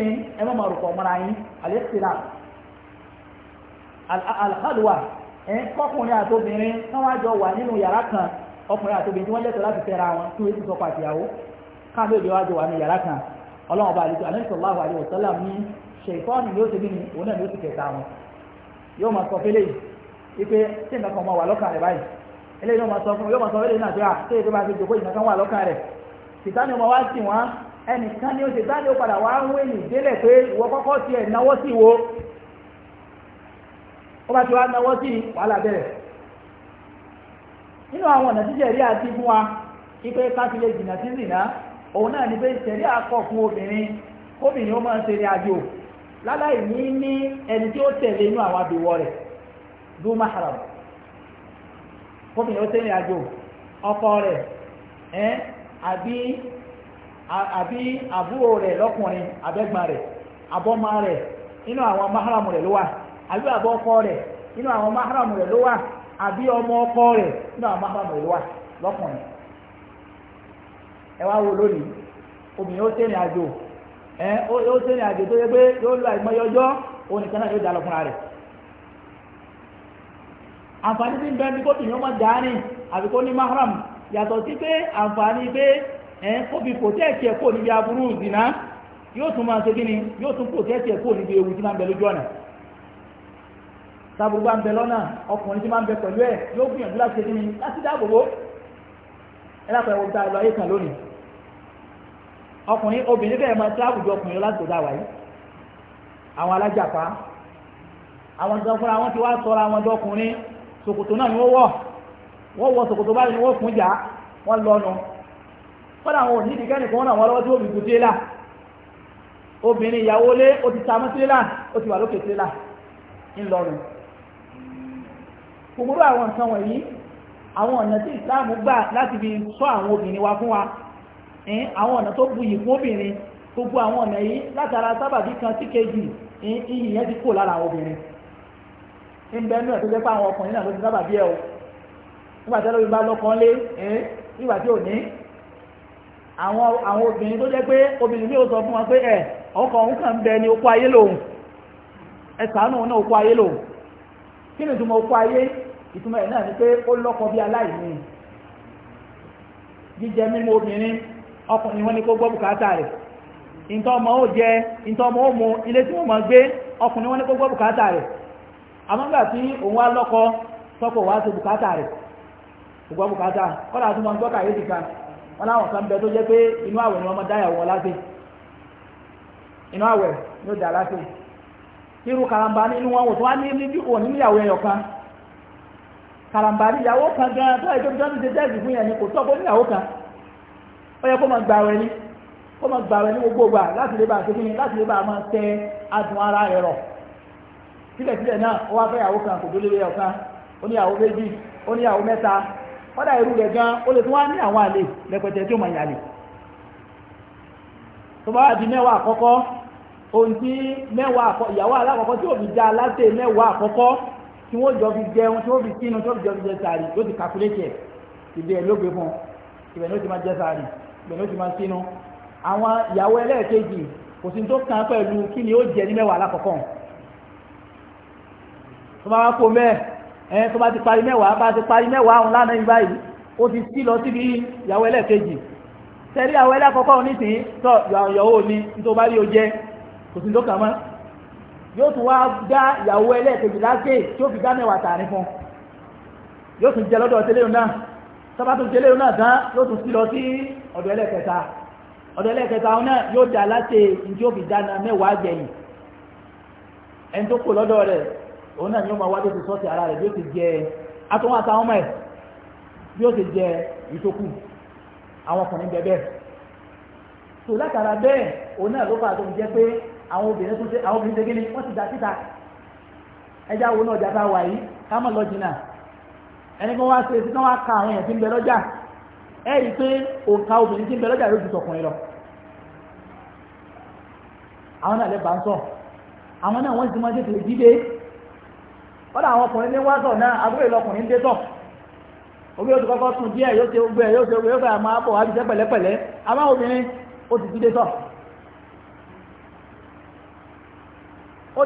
Speaker 1: yín ẹ̀ wá jọ wà nínú yàrá kan ọkùnrin tí wọ́n láti fẹ́ra wọn tí wọ́n ti sọ pàtìyàwó káàdé wá jọ wà yàrá kan ọlọ́run àlejò alaihi ní ṣèkọ́ọ̀nù yóò ti òun náà ti kẹta wọn yóò máa sọ fẹ́lẹ́ yìí wípé tí nǹkan kan máa wà lọ́kàn rẹ̀ báyìí eléyìí máa sọ fún yóò máa sọ fẹ́lẹ́ náà pé à tí èdè máa fi jòkó wà lọ́kàn rẹ̀ sìtáni ọmọ wa sì wọ́n ẹnìkan ni ó ti sáni ó padà wá ń wé ní òun náà ni pé ìṣẹ̀rí àkọ́ fún obìnrin kóbìnrin ó máa ń ṣe ní ajo láláì ní ní ẹni tí ó tẹ̀lé inú àwọn abìwọ̀ rẹ̀ dú mahram kóbìnrin ó ṣe ní àjò ọkọ rẹ̀ ẹ́ àbí àbúrò rẹ̀ lọ́kùnrin àbẹ́gbọ́n rẹ̀ àbọ́mọ rẹ̀ inú àwọn mahram rẹ̀ ló wà àbí àbọ̀ ọkọ rẹ̀ inú àwọn rẹ̀ ló wà àbí ọmọ ọkọ rẹ̀ inú àwọn ẹ wá wo lónìí obìnrin ó sẹ́ni àjò ẹ ó sẹ́ni àjò tó yẹ pé yóò lo àìmọye ọjọ́ òun nìkan náà yóò dá lọ fúnra rẹ̀ àǹfààní tí ń bẹ́ẹ̀ ni kó tìyàn mọ́ dání àbí kó ní mahram yàtọ̀ sí pé àǹfààní pé ẹ̀ kó fi pòtẹ́ẹ̀tì ẹ̀ kó níbi aburú zina yóò tún máa ṣe kí ni yóò tún pòtẹ́ẹ̀tì ẹ̀ kó níbi ewu tí máa ń bẹ lójú ọ̀nà sábúrú ń bẹ lọ́nà ọkùnrin tí máa ń bẹ pẹ̀lú ẹ̀ yóò gbìyànjú láti ṣe kí ni láti dáàbòbò ẹ̀ lápẹ̀ ẹ̀wọ̀n tá a lọ ayé kan lónìí ọkùnrin obìnrin bẹ́ẹ̀ máa tíráàbù ju ọkùnrin lásìkò dáwà yìí àwọn alájàpá àwọn gan fúnra wọn ti wá sọra wọn dọkùnrin ṣòkòtò náà ni wọ́n wọ̀ wọ́n wọ ṣòkòtò báyìí ni wọ́n fún jà wọ́n lọ́nu kọ́dà àwọn òní ìdíkẹ́ nìkan wọn àwọn ọlọ́wọ́ tí ó bìbù tẹ́lá obìnrin ìyàwó lé ó ti ta mọ́ tẹ́lá ó ti wà lókè tẹ́lá ńlọrùn gbogbo àwọn nǹkan wọ̀nyí àwọn ọ̀nà tí ìsìláàmù gbà láti fi sọ àwọn obìnrin wa fún wa àwọn ọ̀nà tó buyì fún obìnrin gbogbo àwọn ọ̀nà yìí látara sábàbí kan sí kejì iyì yẹn ti kó lára àwọn obìnrin ń bẹ́ẹ̀ náà tó jẹ́ pé àwọn ọkùnrin náà ló ti sábàbí ẹ̀ o nígbà tí ẹlòmíì bá lọ́kàn lé nígbà tí ò ní àwọn àwọn obìnrin tó jẹ́ pé obìnrin ní ó sọ fún wọn pé ẹ̀ ọkọ òun kàn ń bẹ ní okó ayé lòun ẹ ṣàánú òun náà okó ayé lòun kí ni ìtumọ̀ okó ayé ìtumọ̀ ẹ̀ náà ni pé ó lọ́kọ bí aláìní jíjẹ mímú obìnrin ọkùnrin wọn ni kó gbọ́ bùkátà rẹ̀ ìntọ́ ọmọ ó jẹ ọmọ ó mu ilé tí wọ́n mọ̀ gbé wọn ni kó gbọ́ bùkátà rẹ̀ àmọ́gbà tí òun wá wá sí bùkátà rẹ̀ gbọ́ bùkátà kọ́lá gbọ́kà yìí kan wọ́n láwọn kan bẹ tó jẹ́ pé inú àwẹ̀ ni wọ́n wọn láti inú àwẹ̀ ni ó dà láti irú karambà nínú wọn wò tó wá ní níbi òun nínú ìyàwó ẹyọ ti ṣe dẹ́ẹ̀sì fún yẹn ni ó yẹ kó máa gbà wẹ̀ ní kó máa gbà wẹ̀ ní gbogbo gbà láti lè bá ṣe kíni láti lè bá máa tẹ adùn ara rẹ̀ rọ̀ sílẹ̀sílẹ̀ náà ó wá fẹ́ ìyàwó kan kò délé ọ̀kan ó ní ìyàwó méjì ó ní ìyàwó mẹ́ta kọ́dà irú rẹ̀ gan ó lè tún wá ní àwọn àlè rẹpẹtẹ tí ó máa yàlè tó bá di mẹ́wàá àkọ́kọ́ ohun tí mẹ́wàá àkọ́ ìyàwó alákọ̀ọ́kọ́ tí òbí já aláṣẹ mẹ́wàá àkọ́kọ́ tí wọ́n jọ fi jẹun tí wọ́n fi kínú tí wọ́n fi jọ fi jẹ sàárì ló ti kàkúlé jẹ ìbẹ̀ ló gbé fún ibẹ̀ ló ti máa jẹ sàárì bẹ̀rẹ̀ ó ti máa sínú àwọn ìyàwó ẹlẹ́ẹ̀kejì kò sí tó kàn pẹ̀lú kí ni ó jẹ ní mẹ́wàá alákọ̀ọ́kọ́ tó bá wá kó mẹ́ẹ̀ ẹ̀ tó bá ti parí mẹ́wàá bá ti parí mẹ́wàá òun lánàá yìí báyìí ó ti sí lọ síbi ìyàwó ẹlẹ́ẹ̀kejì tẹ̀lé àwọn ẹlẹ́ẹ̀kọ́kọ́ onísìn tọ́ ìyàwó ni tó bá rí o jẹ kò sí tó kàn mọ́ yóò tún wá dá ìyàwó ẹlẹ́ẹ̀kejì lágbè tí ó fi dá mẹ́wàá tààrin fún yóò tún jẹ lọ́dọ̀ tẹ́lẹ̀ náà tọ́ba tó jẹ́lé náà tán yóò tún sí lọ sí ọ̀dọ̀ ẹlẹ́kẹta ọ̀dọ̀ ẹlẹ́kẹta ọ̀hún náà yóò dà láti ní tí dáná mẹ́wàá gbẹ̀yìn ẹni tó kò lọ́dọ̀ rẹ̀ òun náà ni ó máa wá tó ti sọ́ọ̀tì ara rẹ̀ bí ó ti jẹ atọ́wọ́n àtàwọn ọmọ ẹ̀ bí ó ti jẹ ìtókù àwọn ọkùnrin bẹ bẹ́ẹ̀ tó látara bẹ́ẹ̀ òun náà ló fà tó ń jẹ́ pé ẹni kan wá ṣe tí wọ́n wá ka àwọn èèyàn tí ń bẹ lọ́jà ẹ rí i pé òǹkà obìnrin tí ń bẹ lọ́jà yóò ju tọkùnrin lọ àwọn náà lẹ́bàá ń sọ àwọn náà wọ́n ti máa ń tètè dídé kọ́dà àwọn ọkùnrin ní wá sọ náà abúlé lọkùnrin ń dé tọ̀ omi yóò ti kọ́kọ́ tún díẹ̀ yóò ṣe gbogbo ẹ̀ yóò ṣe gbogbo ẹ̀ yóò fẹ́ máa bọ̀ wá bí iṣẹ́ pẹ̀lẹ́pẹ̀lẹ́ àmọ́ obìnrin ó ti dídé tọ̀ ó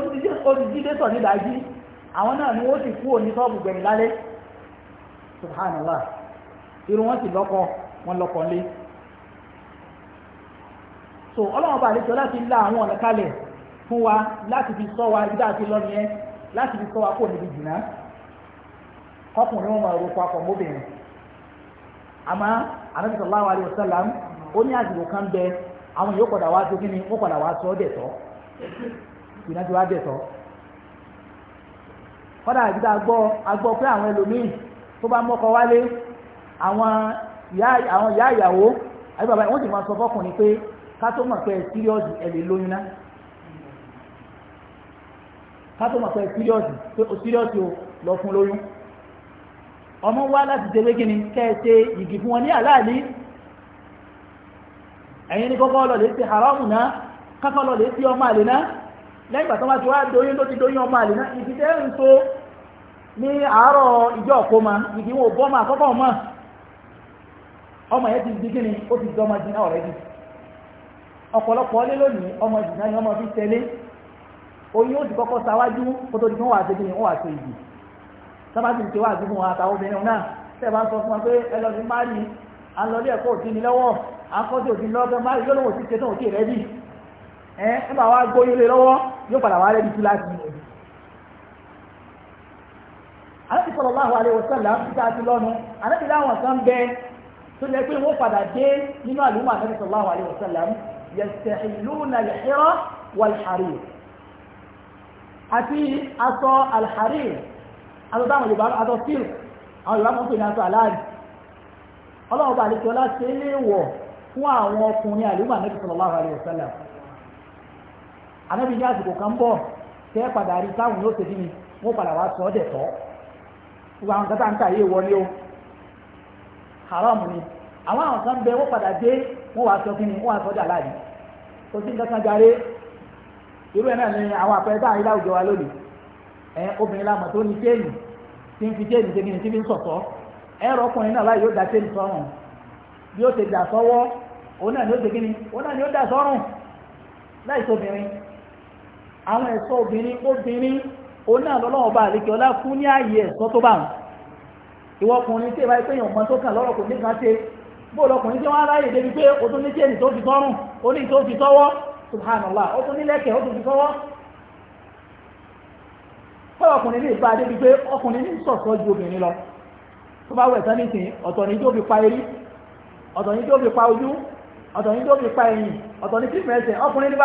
Speaker 1: ti dídé tọ̀ nídàájí àwọn náà ni ó sì kú òní sọ́ọ̀bù gbẹ̀yìn lálẹ́ subhanallah irun wọn sì lọkọ wọn lọkọ lé so ọlọ́run ọba àlejò láti la àwọn ọ̀nà kalẹ̀ fún wa láti fi sọ wa ibùdó àti lọ́nà yẹn láti fi sọ wa kó níbi jìnnà kọkùnrin wọn máa ro papọ̀ mọ́bìnrin àmọ́ Ànábì sallallahu alaihi wasallam ó ní kan bẹ àwọn yóò padà wá sókè ni wọ́n padà wá sọ ọ́ dẹ̀tọ́ ìnájú kọ́dà tó bá mọ́kọ wálé àwọn ìyá ìyàwó àbí bàbá wọ́n ti máa sọ fọ́kùnrin pé ká tó mọ̀ pé síríọ́sì ẹ̀ lè lóyún ná ká tó mọ̀ pé síríọ́sì pé o síríọ́sì o lọ fún lóyún ọmọ wá láti ṣe pé kí ni kẹ́ ẹ ṣe ìgì fún wọn ní àláàlí ẹ̀yin ní kọ́kọ́ lọ lè ṣe haramu náà kọ́kọ́ lọ lè ṣe ọmọ àlè náà lẹ́yìn ìgbà wá ti wá doyún tó ti doyún ọmọ àlè náà ìfìdẹ́ ń ní àárọ̀ ìjọ ọ̀kọ́mà ìdí wọn bọ́ máa kọ́kọ́ ọmọ ọmọ yẹn ti di gíní ó ti dọ́mọ jìnà ọ̀rẹ́ jù ọ̀pọ̀lọpọ̀ lé lónìí ọmọ jìnà ni ọmọ fi tẹ̀lé oyún ó ti kọ́kọ́ sáwájú kó tó di fún wàá tẹ́gìnì wọ́n wàá tó ìdì sábàtì ti wàá gbígun àtàwọn obìnrin náà tẹ́ bá ń sọ fún wa pé ẹ lọ sí márì ni lọ́wọ́ akọ́jọ́ òsì lọ́gbẹ́ márì yóò lóun òsì tẹ́tàn òsì rẹ́ anábì sallallahu alaihi wasallam títí àti lọ́nu anábì láwọn kan bẹ tó lẹ pé wọ́n padà dé nínú àlùmọ́ anábì sallallahu alaihi wasallam yastahiluna al-hira wal-harir àti aṣọ al-harir aṣọ táwọn yorùbá aṣọ sílù àwọn yorùbá mọ̀ pé ní aṣọ aláàrí ọlọ́run bá àlejò ọlá ṣe léèwọ̀ fún àwọn ọkùnrin àlùmọ́ anábì sallallahu alaihi wasallam anábì ní àsìkò gbogbo àwọn kan tá ń yé wọlé o haram ni àwọn àwọn kan bẹ wọ́n padà dé wọ́n wàá sọ kíni wọ́n wàá sọ dà láàyè kò sí nǹkan kan jáde irú ẹ̀ náà ni àwọn àpẹẹrẹ tá à ń wa lónìí ẹ obìnrin la mọ̀ tó ní téèyì tí ń fi téèyì ṣe kíni tí fi ń sọ̀tọ̀ ẹ̀rọ ọkùnrin náà yóò da bí ó ṣe dà sọ́wọ́ òun náà ni ó ṣe kíni òun náà ni ó òun náà lọ́lọ́wọ́ bá àlejò ọlá fún ní ààyè ẹ̀sọ́ tó bá wọn ìwọ ọkùnrin tí ìbáyé péyàn ọmọ tó kàn lọ́rọ̀ kò ní kan ṣe bóòlù ọkùnrin tí wọ́n aráyè débi pé o tún ní chain tó fi tọ́rùn o ní tó fi tọ́wọ́ subhanallah o tún ní lẹ́kẹ̀ẹ́ o tún fi tọ́wọ́ kọ́ ọkùnrin lè bá débi pé ọkùnrin ní sọ̀tọ̀ ju obìnrin lọ tó bá wẹ̀ tán nísìn ọ̀tọ̀ ni tó fi pa erí ọ̀tọ̀ ni tó fi pa ojú ọ̀tọ̀ ni tó fi pa ẹ̀yìn ọ̀tọ̀ ni tí ìfẹ́ ẹsẹ̀ ọkùnrin ní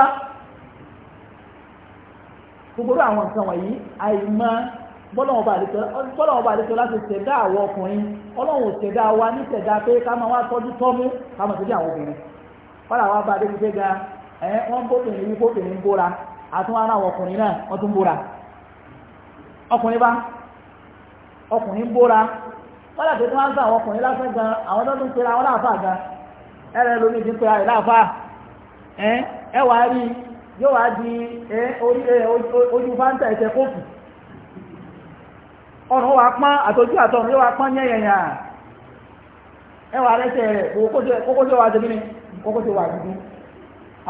Speaker 1: gbogbo àwọn nǹkan wọ̀nyí àìmọ́ bọ́lọ̀ ọba àdìsọ láti ṣẹ̀dá àwọ ọkùnrin ọlọ́run ṣẹ̀dá wa ní ṣẹ̀dá pé ká máa wá tọ́jú tọ́mú ká máa tọ́jú àwọn obìnrin kọ́lá wa bá ga ẹ̀ wọ́n bóbìnrin ní bóbìnrin bóra àtún ara àwọn ọkùnrin náà wọ́n tún bóra ọkùnrin bá ọkùnrin bóra kọ́lá tó tún wá ń sọ àwọn ọkùnrin lásán gan àwọn tó tún pera wọn gan ẹ̀rẹ́ ti pera rẹ̀ ẹ̀ rí yóò wá di ojú fáńtà ẹsẹ̀ kófù ọ̀rùn wa pán àtọ́jú àtọ́rùn yóò wá pán yẹ́yẹ̀yà ẹwà rẹ́sẹ̀ rẹ̀ kókójọ́ wa jẹ́gínní kókójọ́ wa jùlọ àwọn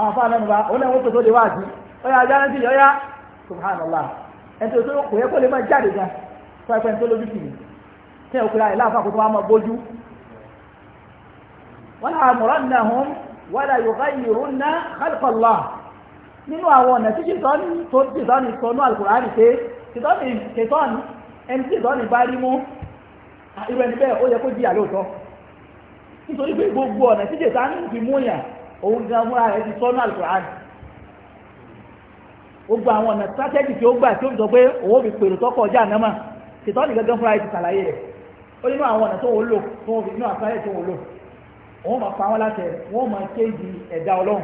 Speaker 1: afá mẹ́nu bá ó lẹ́wọ́n tòótó lè wá sí ọyá ajára tó tó kò yẹ kó lè máa jáde nínú àwọn ọ̀nà tí ṣètọ́ni tó ṣètọ́ni sọ ní alukùránì pé ṣètọ́ni ṣètọ́ni ẹni tí ṣètọ́ni bá rí mú irú ẹni bẹ́ẹ̀ ó yẹ kó jìyà lóòótọ́ nítorí pé gbogbo ọ̀nà tí ṣètọ́ni fi mú yàn òun gan múra rẹ̀ ti sọ ní alukùránì gbogbo àwọn ọ̀nà strategy tí ó gbà tí ó sọ pé òun ò fi pèrò tọ́kọ̀ ọjà náà mà ṣètọ́ni gangan fúnra rẹ̀ ti ṣàlàyé rẹ̀ ó nínú àwọn ọ̀nà tó ń lò tó ń fi inú àṣálẹ̀ tó ń lò òun máa pa wọn láṣẹ wọn máa kéjì ẹ̀dá ọlọ́run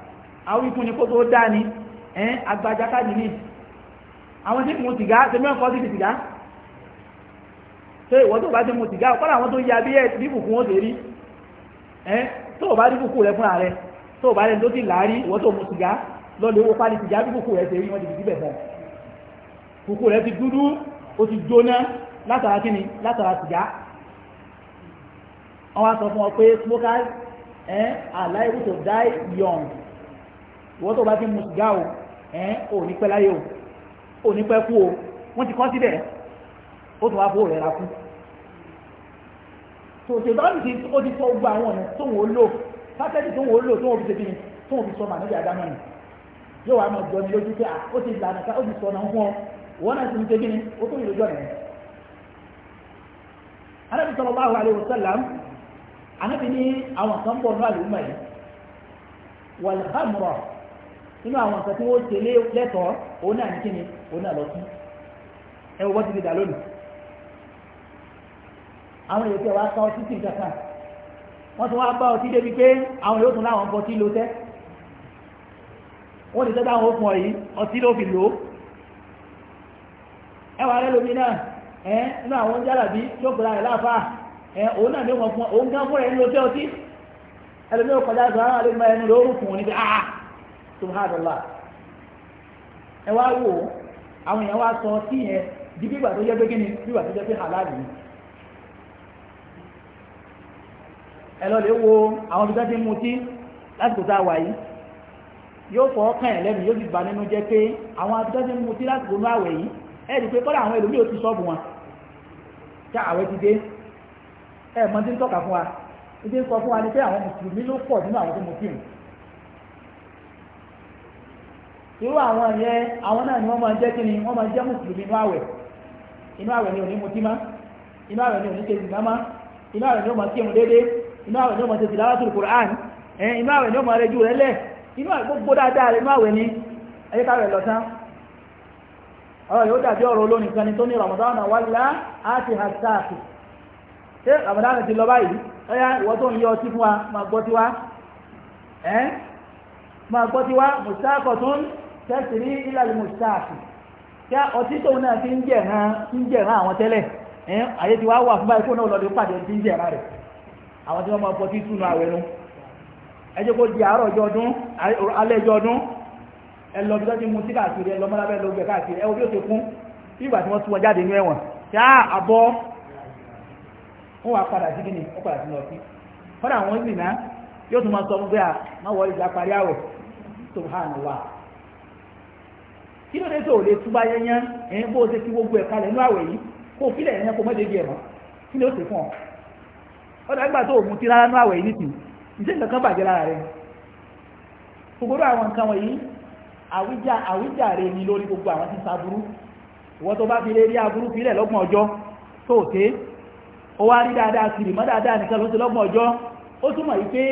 Speaker 1: àwífún ni kó tó dá ni ẹ́n agbájá káàdì ní àwọn tí mú sìgá tí mẹ́rin kọ́ sí sìgá tó ìwọ́n tó bá ti mú sìgá ọ̀pọ̀lọ̀ àwọn tó ya bí ẹ̀ bí bùkún ó tèrí ẹ́n tó o bá rí bùkún rẹ fúnra rẹ tó o bá rẹ ló ti láàrí ìwọ́n tó mú sìgá lọ́lẹ̀ owó pálí sìgá bí bùkún rẹ tèrí wọ́n ti fi síbẹ̀ fún bùkún rẹ ti dúdú ó ti jóná látara kíni látara sìgá wọ́n wá sọ fún ọ pé smokers ẹ́n are liable to die young ìwọ́n tó bá ti mú sìgá o ẹ̀ ò ní pẹ́ láyé o ò ní pẹ́ kú o wọ́n ti kọ́ síbẹ̀ ó tún wá fó rẹ̀ ra kú tó ṣe bá ti ó ti sọ gbogbo àwọn ọ̀nà tó wọ́n lò sátẹ́tì tó wọ́n lò tó wọ́n fi ṣe kíni tó wọ́n fi sọ mànúbí àdámọ́ ni yóò wá máa jọ ní lójú pé ó ti lànà ká ó ti sọ náà fún ọ wọ́n náà ti ń ṣe kíni ó tó ìlójọ́ rẹ̀ anábì sallallahu alaihi wasallam anábì ní àwọn kan bọ̀ ní àlùmọ̀ yìí wal nínú àwọn nǹkan tí wọ́n ṣe lẹ́tọ̀ọ́ òun náà ní kí ni òun náà lọ sí ẹwọ́ bọ́ ti di dà lónìí àwọn èèyàn tí wọ́n wá ká ọtí sí ìjàkà wọ́n tún wá bá ọtí débi pé àwọn èèyàn tún láwọn bọtí ló tẹ́ wọ́n ti tẹ́ táwọn òkun ọ̀yí ọtí ló fi lò ó ẹwà rẹ lómi náà ẹ nínú àwọn oúnjẹ àlàbí tí ó kura rẹ láàfáà ẹ òun náà ní wọn fún òun gán fúnra ẹni ló tẹ́ ọtí ẹlòmíràn kọjá sọ àwọn àlejò ẹni lórúkún ní bí áá subhanallah ẹ wá wò ó àwọn èèyàn wá sọ tí yẹn di bí ìgbà tó jẹ́ pé kí ni bí ìgbà tó jẹ́ pé halal ni ẹ lọ lè wo àwọn ibi tó ti ń mutí lásìkò tá a wà yìí yóò fọ ọkàn ẹ̀ lẹ́nu yóò sì bà nínú jẹ́ pé àwọn ibi tó ti ń mutí lásìkò ní àwẹ̀ yìí ẹ rí i pé kọ́lá àwọn ẹlòmíì ò ti sọ́ọ̀bù wọn tá àwẹ̀ ti dé ẹ mọ tí ń tọ́ka fún wa ní ń sọ fún wa ni pé àwọn mùsùlùmí ló pọ̀ nínú àwọn tó mutí wọn irú àwọn yẹn àwọn náà ni wọ́n máa jẹ́ kí ni wọ́n máa jẹ́ mùsùlùmí inú àwẹ̀ inú àwẹ̀ ni ò ní mutí má inú àwẹ̀ ni ò ní ṣe ìgbà má inú àwẹ̀ ni ó máa kí ẹmu déédéé inú àwẹ̀ ni ó máa ṣe ìdáwà tó kùrán inú àwẹ̀ ni ó máa rẹjú rẹ lẹ̀ inú àwẹ̀ gbogbo dáadáa inú àwẹ̀ ni ẹyẹ ká rẹ lọ tán ọ̀rọ̀ yóò dàbí ọ̀rọ̀ olórin kan ni tó ní Ramadan wà lá àti gbọ́ tiwa máa tẹ́sìrí ìlàlì mùsáàfì tí ọtí tóun náà fi ń jẹ̀ràn àwọn tẹ́lẹ̀ ayé ti wá wà fún báyìí kó náà lọ́dún pàdé ti ń jẹ̀ràn rẹ̀ àwọn tí wọ́n máa fọtí túnú àwẹ̀ nu ẹ jẹ́ kó di àárọ̀ ọjọ́ ọdún alẹ́ ọjọ́ ọdún ẹ lọ bí wọ́n ti mu sí káàkiri ẹ lọ mọ́lábẹ́ ló gbẹ káàkiri ẹ wo bí ó ti kún bí ìgbà tí wọ́n tú wọn jáde ní ẹ̀wọ̀n tí a àbọ̀ wọ́n wá padà sí kíni wọ́n padà sí lọ sí kọ́dà wọ́n sì ná yóò tún máa kí ló dé tó lè túbá yẹnyẹn ẹ̀yìn bó ṣe fi gbogbo ẹ̀ kalẹ̀ nú àwẹ̀ yìí kó fílẹ̀ yẹn kó mọ́dé di ẹ̀ mọ́ kí ló ṣe fún ọ ọ̀dà gbà tó mú ti rárá nú àwẹ̀ yìí nìsín ìṣe nǹkan kan bàjẹ́ lára rẹ̀ gbogbo àwọn nǹkan wọ̀nyí àwíjàre ni lórí gbogbo àwọn tí sáburú ìwọ́n tó bá fi lé rí aburú fílẹ̀ lọ́gbọ̀n ọjọ́ tó ké ó wá rí dáadáa kiri mọ́ dáadáa nìkan ló ti lọ́gbọ̀n ọjọ́ ó túmọ̀ yìí pé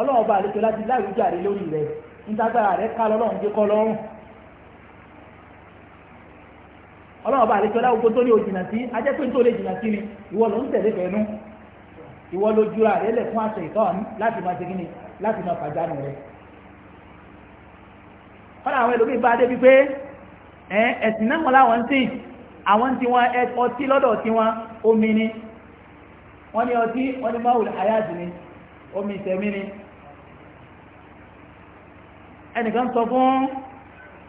Speaker 1: ọlọ́run ọba àlejò láti láwùjáre lórí rẹ̀ nítagbára ọlọ́ọ̀bá àlejọ́lá ogun tó ní òjìnà sí ajẹ́ pé tó lè jìnà sí ni ìwọ ló ń tẹ̀lé fẹ̀ẹ́nu ìwọ ló jura rẹ lẹ̀ fún àṣẹ ìtọ́n láti máa segin ni láti máa pàjánù rẹ. kọ́lá àwọn ẹlòmíì bá débi pé ẹ̀sìn náà wọn láwọn ń sìn àwọn tí wọn ọtí lọ́dọ̀ tí wọn omi ni wọ́n ní ọtí wọ́n ní máwùl hayati ni omi ìsẹ̀mí ni ẹnìkan sọ fún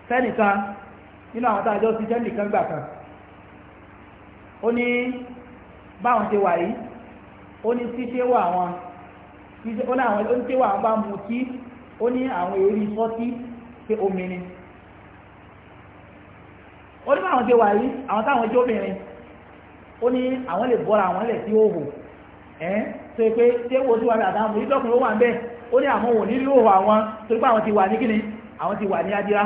Speaker 1: fẹ́nìkan nínú àwọn tàjọ́ ti jẹ́ nìkan gbà kan ó ní báwọn ti wà yìí ó ní tí ṣé wà wọn ó ní àwọn tí wà wọn bá mu tí ó ní àwọn èrí sọ́tí pé omi ni ó ní báwọn ti wà yìí àwọn táwọn jẹ́ obìnrin ó ní àwọn lè bọ́ra àwọn lẹ̀ sí òhò ẹ́ tó pé tí ó tí wà ní àtàwọn ìdọ́kùnrin ó wà ń bẹ́ẹ̀ ó ní àwọn ò nílò àwọn torípé àwọn ti wà ní kíni àwọn ti wà ní adira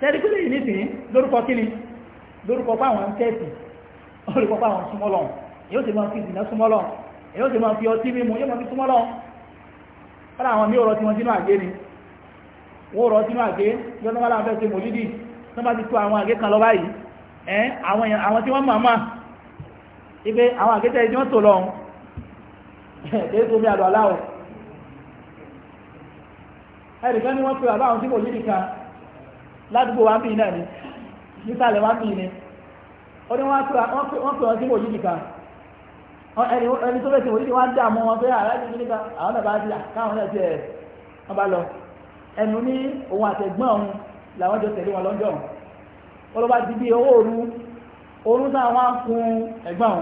Speaker 1: tẹ́rí pé lèyìn nísìnyí lórúkọ kíni lórúkọ páwọn ń tẹ́ẹ̀sì lórúkọ páwọn súnmọ́lọ̀ yóò ti máa fi ìdìnà súnmọ́lọ̀ yóò ti máa fi ọtí mímu yóò máa fi súnmọ́lọ̀ fọ́nà àwọn mí-ọ̀rọ̀ tí wọ́n sínú àgé ni wọ́n rọ̀ sínú àgé yóò náwà láàfẹ́ sí mòlídì tó bá ti tó àwọn àgé kan lọ báyìí ẹ́ àwọn tí wọ́n máa máa ibẹ̀ àwọn àgé tẹ́ ìjọ́ tó lọ ẹ̀ẹ́ tó bí àlọ́ aláwọ̀ ẹ̀rìkan ni wọ́n pe àbáwọn sí mòlídì kan ládùúgbò wa ń bì náà ni nísàlẹ̀ wa ń bì ni ó ní wọ́n pè wọ́n sí mòjì nìkan ẹni tó fẹ́ sí mòjì wọ́n dà mọ́ wọn pé aláàjì ní nìkan àwọn náà bá ti káwọn náà ti ẹ̀ wọ́n bá lọ ẹnu ní òun àtẹ̀gbọ́n òun làwọn jọ tẹ̀lé wọn lọ́jọ́ òun ó ló bá ti bí owó òru òun náà wá ń fún ẹ̀gbọ́n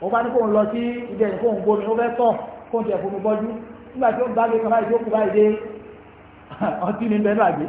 Speaker 1: òun ó bá ní kóun lọ sí ibi ẹ̀yìn kóun gbomi ó fẹ́ tọ̀ kóun ti ẹ̀fọ́ mi bọ́jú nígbà tí ó gbàgbé kan báyìí tó kú báyìí dé ọtí ní bẹ́ẹ̀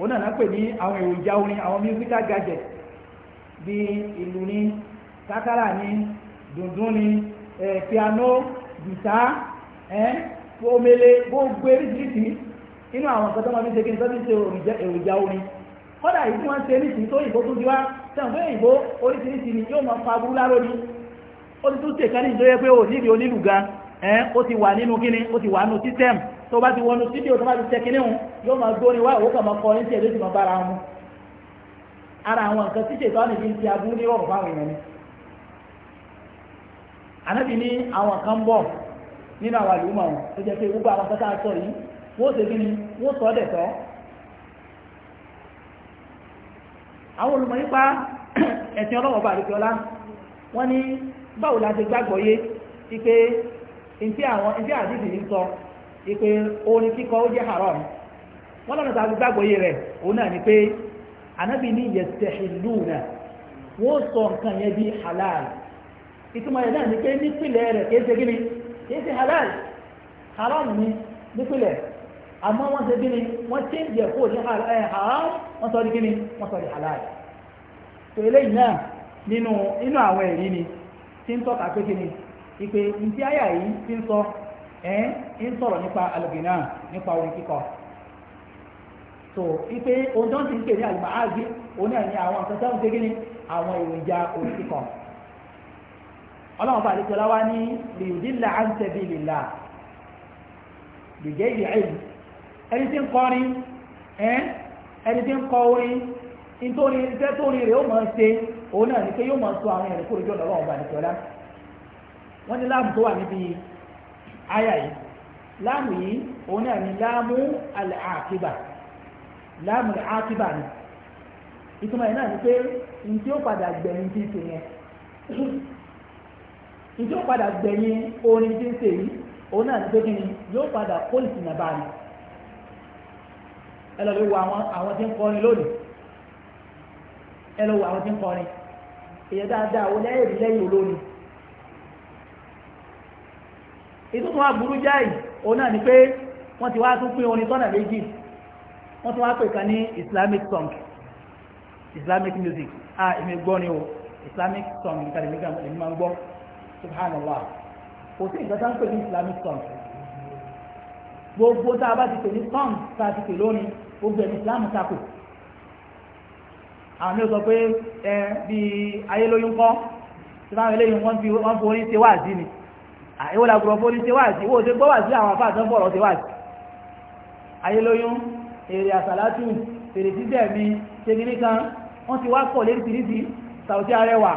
Speaker 1: òun náà pè ní àwọn èròjà orin àwọn musical gadget bí ìlú ní ni ní dùndún ní piano gìtá omele gbogbo eréjìlìsì inú àwọn nǹkan tó máa fi ṣe kí n sọ́tún ṣe èròjà orin kọ́dà yìí tí wọ́n ṣe nísìnyí tó ìbò tún ti wá ìbò oríṣiríṣi ni yóò máa fa burú láró ni ó ti tún ṣèkan ní ìjọ yẹ pé ò nídìí onílù gan ó ti wà nínú kíni ó ti wà nínú sísẹ́mù tó bá ti wọnú fídíò tó bá ti tẹkínní wọn yóò máa gbórin wá òwò kan máa tí ẹ ti máa bára wọn ara àwọn nǹkan ti ni. ànábì ní àwọn kan bọ̀ nínú àwọn àlùmọ̀ tó jẹ́ pé gbogbo àwọn sọ yìí wọ́n ṣe kí ni wọ́n sọ tọ́. àwọn olùmọ̀ nípa ẹ̀sìn ipe orin kíkọ ó jẹ́ haram wọ́n lọ́nà tàbí gbàgbọ́yé rẹ̀ òun náà ni pé anábì ní yastahilluna wọ́n sọ nǹkan halal ìtumọ̀ yẹn náà ni pé nípìnlẹ̀ rẹ̀ kìí gíní halal haram ni nípìnlẹ̀ àmọ́ wọ́n ṣe gíní wọ́n ṣe ń ní haram di gíní wọ́n di halal tó eléyìí náà nínú inú àwọn ni tí ń tọ́ka pé gíní ìpè ẹ̀ ń sọ̀rọ̀ nípa alùbìnà nípa orin kíkọ so ipe ohun tó ń sìn kéde àlùmọ́ áàgì òun náà ní àwọn nǹkan tó ń segin ní àwọn èròjà orin kíkọ ọlọ́run bá àdéjọ́lá wá ní lèyìndínlá à ń tẹ̀bi lèlá lèjẹ́ ìyá èyí ẹni tí ń kọrin ẹ̀ ẹni tí ń kọ orin nítorí iṣẹ́ tó rí rẹ̀ ó máa ń ṣe òun náà ní pé yóò máa sọ àwọn ẹ̀rí kúrò jọ̀dọ̀ ọlọ́run bá wọ́n ní láàmù tó wà níbi àyà yìí láàmù yìí òun náà ni láàmù àkíbà láàmù àkíbà ni ìtumọ̀ yìí náà ni pé ntí ó padà gbẹ̀yìn tí ń ṣe yẹn ntí ó padà gbẹ̀yìn orin tí ń se yìí òun náà ni pé kí ni yóò padà pólìsì náà bá mi ẹ lọ lè wo àwọn àwọn tí ń kọrin lónìí ẹ lọ wo àwọn tí ń kọrin èyí dáadáa wọlé ẹ̀rí lẹ́yìn ètò tó wá burú jáì o náà ni pé wọ́n ti wá tún pín orin tọ́nà méjì wọ́n tún wá pè kan ní islamic song islamic music ah èmi gbọ́ ni o islamic song nìkan èmi kan èmi máa gbọ́ subhanallah kò sí nǹkan tá ń pè ní islamic song gbogbo tá a bá ti pè ní song tá a ti pè lónìí gbogbo ẹni islam takò àwọn yóò sọ pé ẹ bí ayé lóyún kọ́ tí wọ́n fi orin ṣe wáàzí ni àìwọ́n làkùrọ̀ fóní ṣe wáàsí wó ṣe gbọ́ wáàsí àwọn afáàtọ́ fọ̀rọ̀ ṣe wáàsí ayélóyún èrè àsàlátù fèrè títẹ̀ mi ṣe kìíní kan wọ́n ti wá pọ̀ léríṣiríṣi sàwọ́tí arẹwà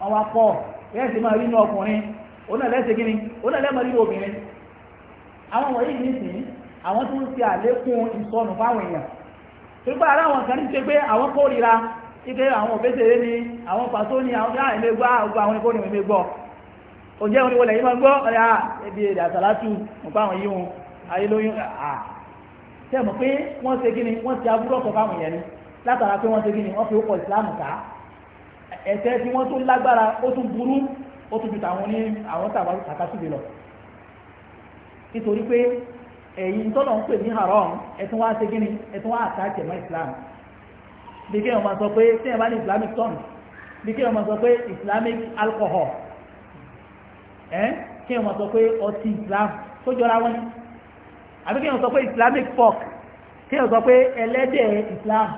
Speaker 1: wọ́n wá pọ̀ bẹ́ẹ̀ sì máa rí inú ọkùnrin òun àlẹ́ ṣe kìíní òun àlẹ́ mọ̀ nínú obìnrin àwọn wọ̀nyí ní sìn àwọn tó ń ṣe àlékún ìsọnù fáwọn èèyàn tó gbà ara àwọn kan ní ṣe pé àwọn kórìíra ike àwọn òbẹ́sẹ̀rẹ́ ni àwọn pàtó ni àwọn ilé gbọ́ àwọn ìkórìíra ilé gbọ́ òjẹ́ òní wọlé yìí máa gbọ́ ọ̀rẹ́ à ebi èdè àsàlátù nípa àwọn yìí wọn ayé lóyún à tẹ́ mọ̀ pé wọ́n ṣe kí ni wọ́n ti aburú ọ̀pọ̀ fáwọn yẹn ni látara pé wọ́n ṣe kí ni wọ́n fi ó kọ ìsìláàmù ká ẹ̀ṣẹ̀ tí wọ́n tún lágbára ó tún burú ó tún ju tàwọn ní àwọn tàbá àkásùbì lọ nítorí pé ẹ̀yin tọ́lọ̀ ń pè ní haram ẹ̀tún wá ṣe gíní ẹ̀tún wá àtàkì bí kí ọmọ sọ sọ pé islamic alcohol ẹ́ kí wọ́n sọ pé ọtí islam tó jọra wọn ni àbí kí wọ́n sọ pé islamic folk? kí wọ́n sọ pé ẹlẹ́dẹ̀ islam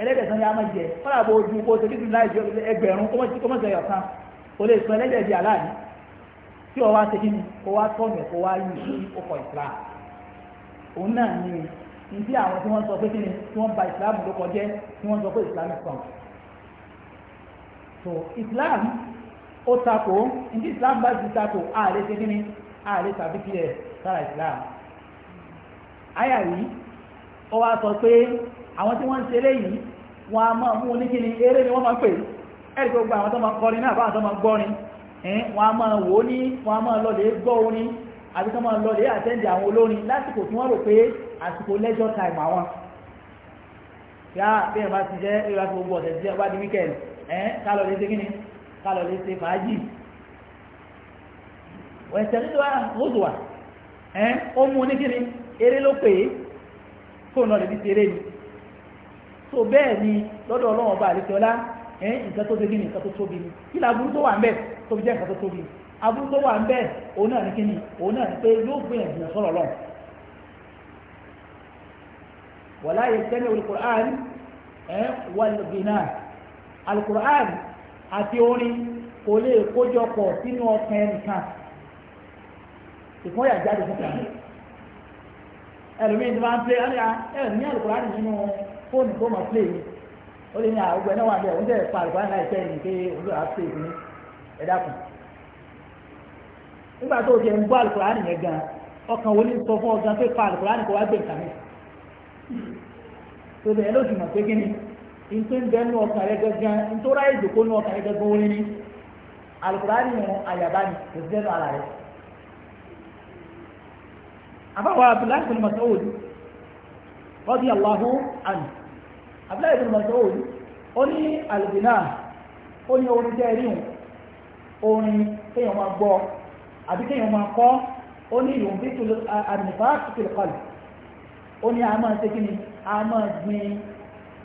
Speaker 1: ẹlẹ́dẹ̀ sani a máa jẹ kọ́lá bó ojú kó tẹ́lẹ̀ tún láì jẹ ẹgbẹ̀rún kọ́mọ̀sẹ̀ yọ̀kan kò lè sọ ẹlẹ́dẹ̀ di aláàní tí wọ́n wá ṣe kí ni kó wá tọ̀nù kó wá yí sí ọkọ̀ islam òun náà ni ìdí àwọn tí wọ́n sọ pé kí ni tí wọ́n ba islam ló kọjẹ́ tí wọ́n sọ pé islamic pork so islam ó takò ní islam bá ti takò ààrẹ ṣe kí ni ààrẹ tàbí kí ẹ sára islam àyà yìí ó wá sọ pé àwọn tí wọ́n ń ṣe léyìí wọn a máa mú ní kí ni eré ni wọ́n máa pè ẹ̀rì tó gba àwọn tó máa kọrin náà báwọn tó máa gbọ́rin wọn a máa wò ó ní wọn a máa lọ lè gbọ́ orin àbí tó máa lọ lè àtẹ́ǹdì àwọn olórin lásìkò tí wọ́n rò pé àsìkò leisure time àwọn yá bí ẹ̀ bá ti jẹ́ ẹ̀ bá ti gbogbo ọ̀sẹ̀ jẹ́ bá di weekend ẹ̀ ká lọ lè ṣe kí ni kálọ̀ lè ṣe fàájì wẹ̀sẹ̀lẹ́dọ̀ rọ́dùwà ẹ́ ó mú ní kíni eré ló pè é kó náà lè fi ṣeré ni so bẹ́ẹ̀ ni lọ́dọ̀ ọlọ́run ọba àlẹ́sẹ̀ọ́lá ẹ́ nǹkan tó ṣe kíni nǹkan tó tóbi ni kí la burú tó wà tẹ́lẹ̀ olùkùrán ẹ́ wọ́n lè àti orin kò lè kójọpọ̀ sínú ọkàn ẹnìkan ìpínyà jáde síta ẹlòmíín ti máa ń play ẹni ẹni ní àlùkùránì nínú fóònù tó máa play ni ó lè ní àwùjọ náà wà ní ẹ̀wọ̀n tẹ̀ pa àlùkùránì láìpẹ́ yìí pé olùdó àá play ní ẹ̀dá kan nígbà tó o jẹ ń gbọ́ àlùkùránì yẹn gan ọkàn wo ni sọ fún ọ gan pé pa àlùkùránì kò wá gbé nǹkan mi tó bẹ̀rẹ̀ lójú mọ̀ pé kí ntó ń bẹ nínú ọkàn rẹ gángan ntó ráyè ìdòkó nínú ọkàn rẹ gángan wọlé ní alukurani yẹn àyàbá ni kò sí ẹnu ara rẹ. àbáwọ̀ abdullahi bin masoud rọ́bì allahu an abdullahi bin masoud ó ní alubina ó ní orin tẹ́ rí òun orin kéèyàn máa gbọ́ àbí kéèyàn máa kọ́ ó ní ìrùn bí tulu àmì fàákìtì kọlù ó ní a máa ṣe kí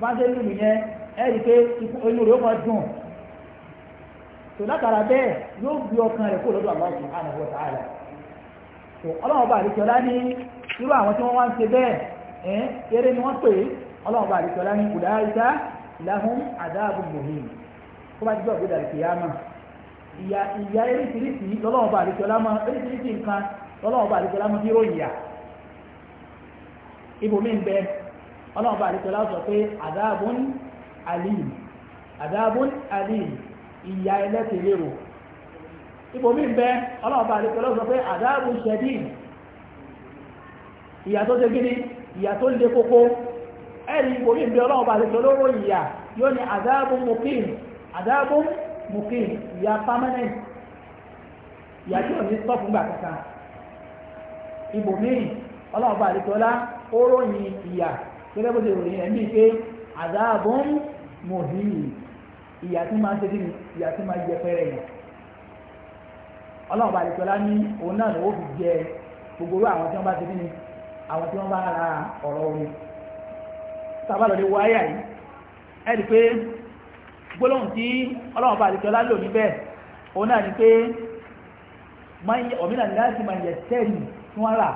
Speaker 1: bá ṣe lùlù yẹn ẹ rí i pé inú rẹ̀ ó máa dùn látara bẹ́ẹ̀ yóò gbé ọkàn rẹ̀ kó lọ́dọ̀ Allah subhanahu wa ta'ala tó ọlọ́run bá ní irú àwọn tí wọ́n wá ń ṣe bẹ́ẹ̀ ẹ̀ eré ni wọ́n pè é ọlọ́run bá ní kùdà kó bá ti eréṣiríṣi lọ́lọ́run ọlọ́run bá àríkẹ́ láwùsọ pé àdáàbùn alim àdáàbùn alim ìyá ẹlẹ́tẹ̀lérò ibòmí ń bẹ ọlọ́run bá àríkẹ́ láwùsọ pé àdáàbùn shadid ìyà tó ṣe gíní ìyà tó lè kókó ẹ̀rí ibòmí ń bẹ ọlọ́run bá àríkẹ́ lóró ìyà yóò ní àdáàbùn mukim àdáàbùn mukim ìyà permanent ìyà tí ò ní sọ fún gbà kankan ibòmí ọlọ́run bá gẹ́gẹ́ bó ṣe ròyìn ẹ̀mí pé àdáàbọ̀n mọ̀hìnì ìyà tí máa ń ṣe kí ni ìyà tí máa ń jẹ fẹ́rẹ̀ yẹn ọlọ́run bá lè tọ́lá ní òun náà lọ́wọ́ fi jẹ gbogbo àwọn tí wọ́n bá ṣe kí ni àwọn tí wọ́n bá ra ọ̀rọ̀ omi sábàlọ́ lè wọ ayà yìí ẹ̀ rí pé gbólóhùn tí ọlọ́run bá lè tọ́lá lò níbẹ̀ òun náà ni pé ọ̀mìnà ni láti máa yẹ tẹ́ẹ̀lì tí wọ́n rà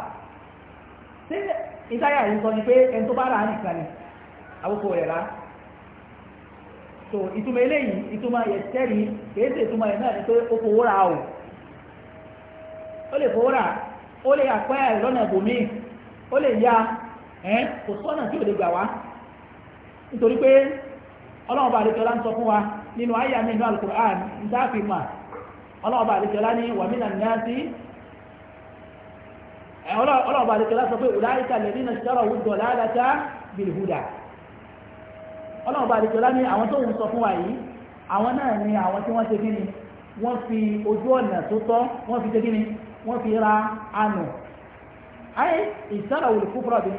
Speaker 1: ìtayà yìí sọ ni pé ẹni tó bá rà nìkan ni àwòkọ rà so ìtumọ̀ eléyìí ìtumọ̀ yẹtẹ́rì kìí ṣe ìtumọ̀ yẹn náà ni pé ó fowó o ó lè fowó ra ó lè àpẹ́ lọ́nà ó lè ya kò sọ́nà tí ò lè gbà wá nítorí pé ọlọ́run wa nínú al ń dáàfin mà ní wàmínà ọlọ́ọ̀bà lè kẹlá sọ pé ọláìka lè nínú ṣẹ́rọ̀ wùdọ̀ láàdáta bilhuda ọlọ́ọ̀bà lè kẹlá ní àwọn tó ń sọ fún wa yìí àwọn náà ni àwọn tí wọ́n ṣe kí ni wọ́n fi ojú ọ̀nà tó tọ́ wọ́n fi ṣe kí ni wọ́n fi ra ànà ayé ìṣẹ́rọ̀ wùlùkúfọ́rọ̀ bí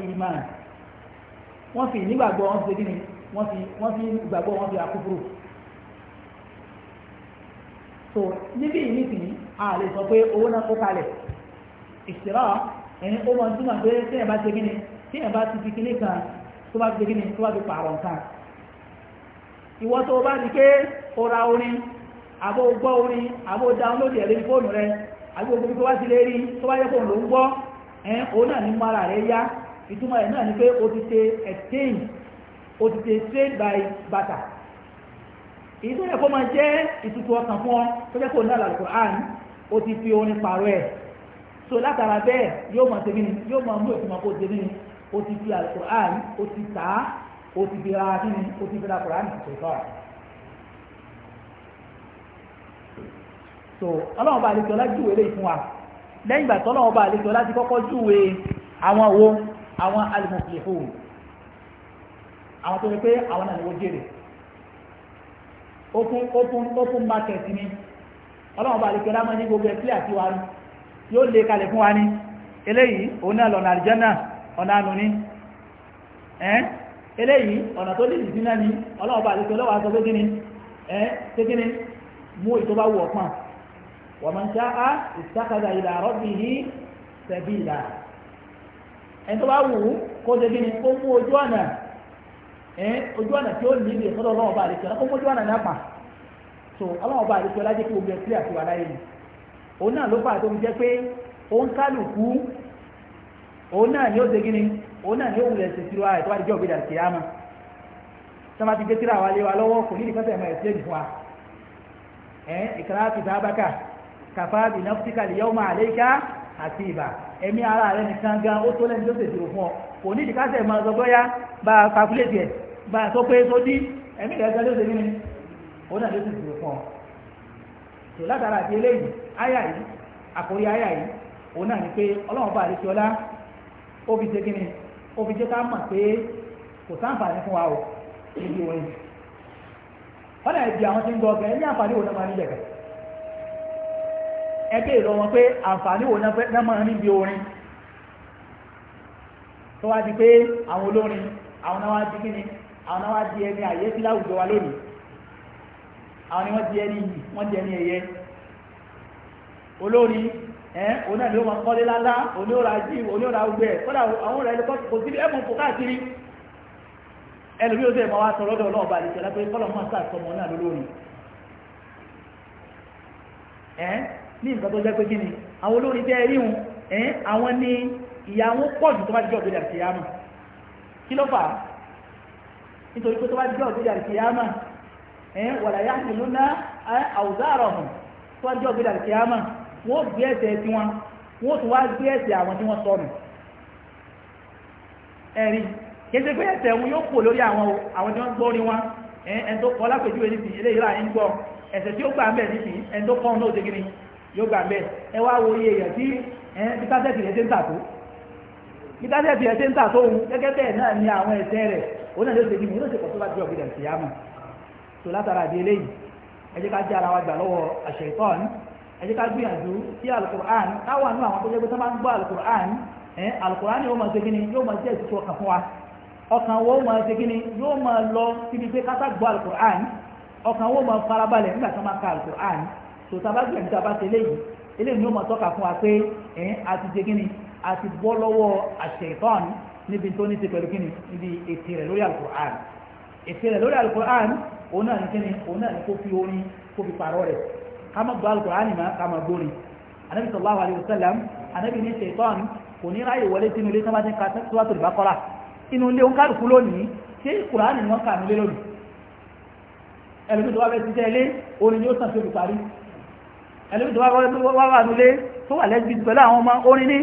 Speaker 1: ìṣirà ẹni ó máa túmọ̀ pé tí ẹ̀ bá ṣe kíni tí ẹ̀ bá ti fi kíní kan tó bá ṣe kíni tó bá fi pààrọ̀ nǹkan ìwọ tó bá di pé o ra orin àbó gbọ́ orin àbó dáúnlódì ẹ̀rí fóònù rẹ àbí gbogbo tó bá ti lè rí tó bá yẹ kó ló ń gbọ́ ẹ̀ òun náà ní mú ara rẹ yá ìtumọ̀ ẹ̀ náà ni pé o ti ṣe exchange o ti ṣe trade by barter èyí tó yẹ kó máa jẹ́ ìtutù ọkàn fún ọ tó yẹ kó ní àlàkùn àn o ti fi orin pààrọ̀ ẹ̀ so látara bẹ́ẹ̀ yóò máa tẹ́bí ni yóò máa mú èkó máa kó tẹ́bí ni ó ti fi alukur'an ó ti tà á ó ti fi ra kí ni ó ti fi ra kur'an ṣèkọ́ so ọlọ́run bá àlejò ọlá júwèé lè fún wa lẹ́yìn ìgbà tọ́lọ́run bá àlejò ọlá ti kọ́kọ́ júwèé àwọn wo àwọn al-muflihun àwọn tó ní pé àwọn náà ni wọ́n jèrè open open open market ni ọlọ́run bá àlejò ọlá máa ní gbogbo ẹ̀ clear sí wa ni yóò lè kalẹ̀ fún wa ní eléyìí òun náà lọ́nà àlìjánà ọ̀nà ànú ní ẹ́ eléyìí ọ̀nà tó lè dì náà ní ọlọ́ọ̀bà àlùkò lọ́wọ́ aṣọ gbégí ni ẹ́ gbégí ni mú ìtọ́ bá wù ọ̀pọ̀n wa man sha'a ittakhadha ila rabbihi sabila ẹni tó bá wù ú kó gbégí ni kó mú ojú ọ̀nà ẹ́ ojú ọ̀nà tí ó nílè sọ́dọ̀ ọlọ́ọ̀bà àlùkò lọ́wọ́ kó mú ojú ọ̀nà náà òun náà ló fà tó ń jẹ́ pé òun kálukú òun náà ni ó ṣe gíní òun náà ni ó wulẹ̀ ṣèṣirò ara tó bá di jọ́ ògbéjà àmà tó ti gbé tíra wa lé wa lọ́wọ́ kò ní ìdíkọ́sẹ̀ ẹ̀mọ ẹ̀sẹ̀ ìfún wa ẹ̀ ìkàrà fi sábàkà kàfà bí nọ́fíkà lè yọ́mọ àlékà àti ìbà ẹ̀mí ara rẹ̀ nìkan gan ó tó lẹ́ni tó ṣèṣirò fún ọ kò ní ìdíkọ́sẹ̀ ẹ̀mọ ọ̀sọ̀gbọ́yá bá a calculate ẹ̀ bá a sọ Ayayi yìí àkórí áyà yìí òun náà ni pé ọlọ́run bá àdéṣe ọlá ó fi kí ni ó fi jẹ́ fún wa o níbi orin wọ́n náà di àwọn tí ń gbọ́ ọ̀gá ẹni àǹfààní wo náà máa ń jẹ̀gà ẹgbẹ́ ìlọ wọn pé àǹfààní wo náà orin tó wá di pé àwọn olórin àwọn náà wá di kí ni àwọn náà wá di ẹni àyè sí láwùjọ wa olórí ẹ̀ òun náà ni ó máa kọ́lé lálá oníhóra jí oníhóra ogbẹ́ ẹ̀ kọ́dà àwọn ọ̀rẹ́ ẹni kò sí ẹ̀bùn kò káàkiri ẹlòmí ó sì máa wá sọ lọ́dọ̀ ọlọ́run bá àdìsẹ́ lápẹ́ kọ́lọ̀ máa sá àtọmọ náà lólórí ẹ̀ ní nǹkan tó jẹ́ pé kí ni àwọn olórí tẹ́ rí wọn ẹ̀ àwọn ni ìyá wọn pọ̀ jù tó bá jọ òbílẹ̀ àti yámà kí ló fà á nítorí pé tó bá jọ òbílẹ̀ àti yámà ẹ̀ wàlàyé àti lónà àwùzá àrọ̀ hàn tó bá jọ òbílẹ̀ àti yámà wọ́n gbé ẹ̀ṣẹ̀ tiwọn wọ́n tún wá gbé ẹ̀ṣẹ̀ àwọn tí wọ́n sọnù ẹ̀rí kéde pé ẹ̀ṣẹ̀ wọn yóò kò lórí àwọn àwọn tí wọ́n gbọ́ ní wọn ẹni tó kọ́ lápèjúwe níbi ilé ìlà ń gbọ́ ẹ̀ṣẹ̀ tí ó gbà ń bẹ̀ níbi ẹni tó kọ́ ọ̀nà òde gíní yóò gbà ń bẹ̀ ẹ wá wo iye èèyàn tí pításẹ́ẹ̀tì rẹ̀ ṣe ń tà tó pításẹ́ẹ̀tì rẹ̀ ṣe ń tà tó òun gẹ́gẹ́ bẹ́ẹ̀ náà ni àwọn ẹ̀ṣẹ̀ rẹ̀ òun náà ló ṣe dìbò òun ló ṣe pọ̀ tó bá jọ gbẹdẹ̀ sí yá mọ̀ tó látara àdé eléyìí ẹ jẹ́ ká jẹ́ ara wa gbà lọ́wọ́ àṣẹ ìtọ́ni ẹ jẹ́ ká gbìyànjú sí alukur'an káwà nínú àwọn tó jẹ́ pé tó máa ń gbọ́ alukur'an ẹ alukur'an yóò máa ṣe kíni yóò máa jẹ́ ìtútù ọkàn fún wa ọkàn wo máa ṣe kíni yóò máa lọ síbi pé kátà gbọ́ alukur'an ọkàn wo máa farabalẹ̀ nígbà tó máa ka alukur'an tó tá a bá gbìyànjú tá a bá ṣe eléyìí eléyìí ni ó máa tọ́ka fún wa pé ẹ àti ṣe kíni àti bọ́ lọ́wọ́ àṣẹ̀tọ́ni níbi tó ní ká má gbọ́ alukur'ani má ká má gbórin anabi sallallahu alayhi wa sallam anabi ní ṣètọ́n kò ní ráyè wọlé sínú ilé sábà ní ká sọ́wọ́tò ìbá kọ́ra inú ilé ń kálukú lónìí ṣé kur'ani ni wọ́n kà nílé lónìí ẹlòmí tó wá bẹ́ẹ̀ ṣiṣẹ́ ilé orin ni ó sàn fún ìparí ẹlòmí tó wá wà nílé tó wà lẹ́sibí pẹ̀lú àwọn ọmọ orin ní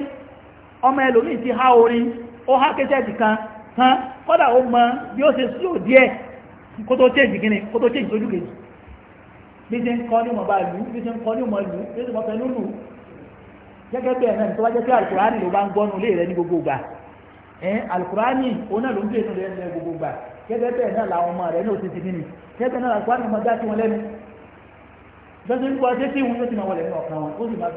Speaker 1: ọmọ ẹlòmí ti há orin ó há kẹ́sẹ̀tì kan tán kọ́dà ó mọ bí ó ṣe sí òdíẹ̀ kó tó change gíní kó tó change lójú kejì bí ṣe ń kọ́ ní mọ̀ bá lù ú bí ṣe ń kọ́ ní mọ̀ lù ú bí ṣe mọ̀ fẹ́ lùlù gẹ́gẹ́ bẹ́ẹ̀ náà tó bá jẹ́ pé alukurani ló bá ń gbọ́nu lé rẹ ní gbogbo gbà ẹ̀ alukurani òun náà ló ń gbé inú rẹ ní gbogbo gbà gẹ́gẹ́ bẹ́ẹ̀ náà làwọn ọmọ rẹ ní òsì ti nínú gẹ́gẹ́ náà alukurani ọmọ dá sí wọn lẹ́nu gbẹ́sẹ̀ ń gbọ́ ṣé tí wọn yóò ti máa wọlé ní ọ̀kan wọn ó sì máa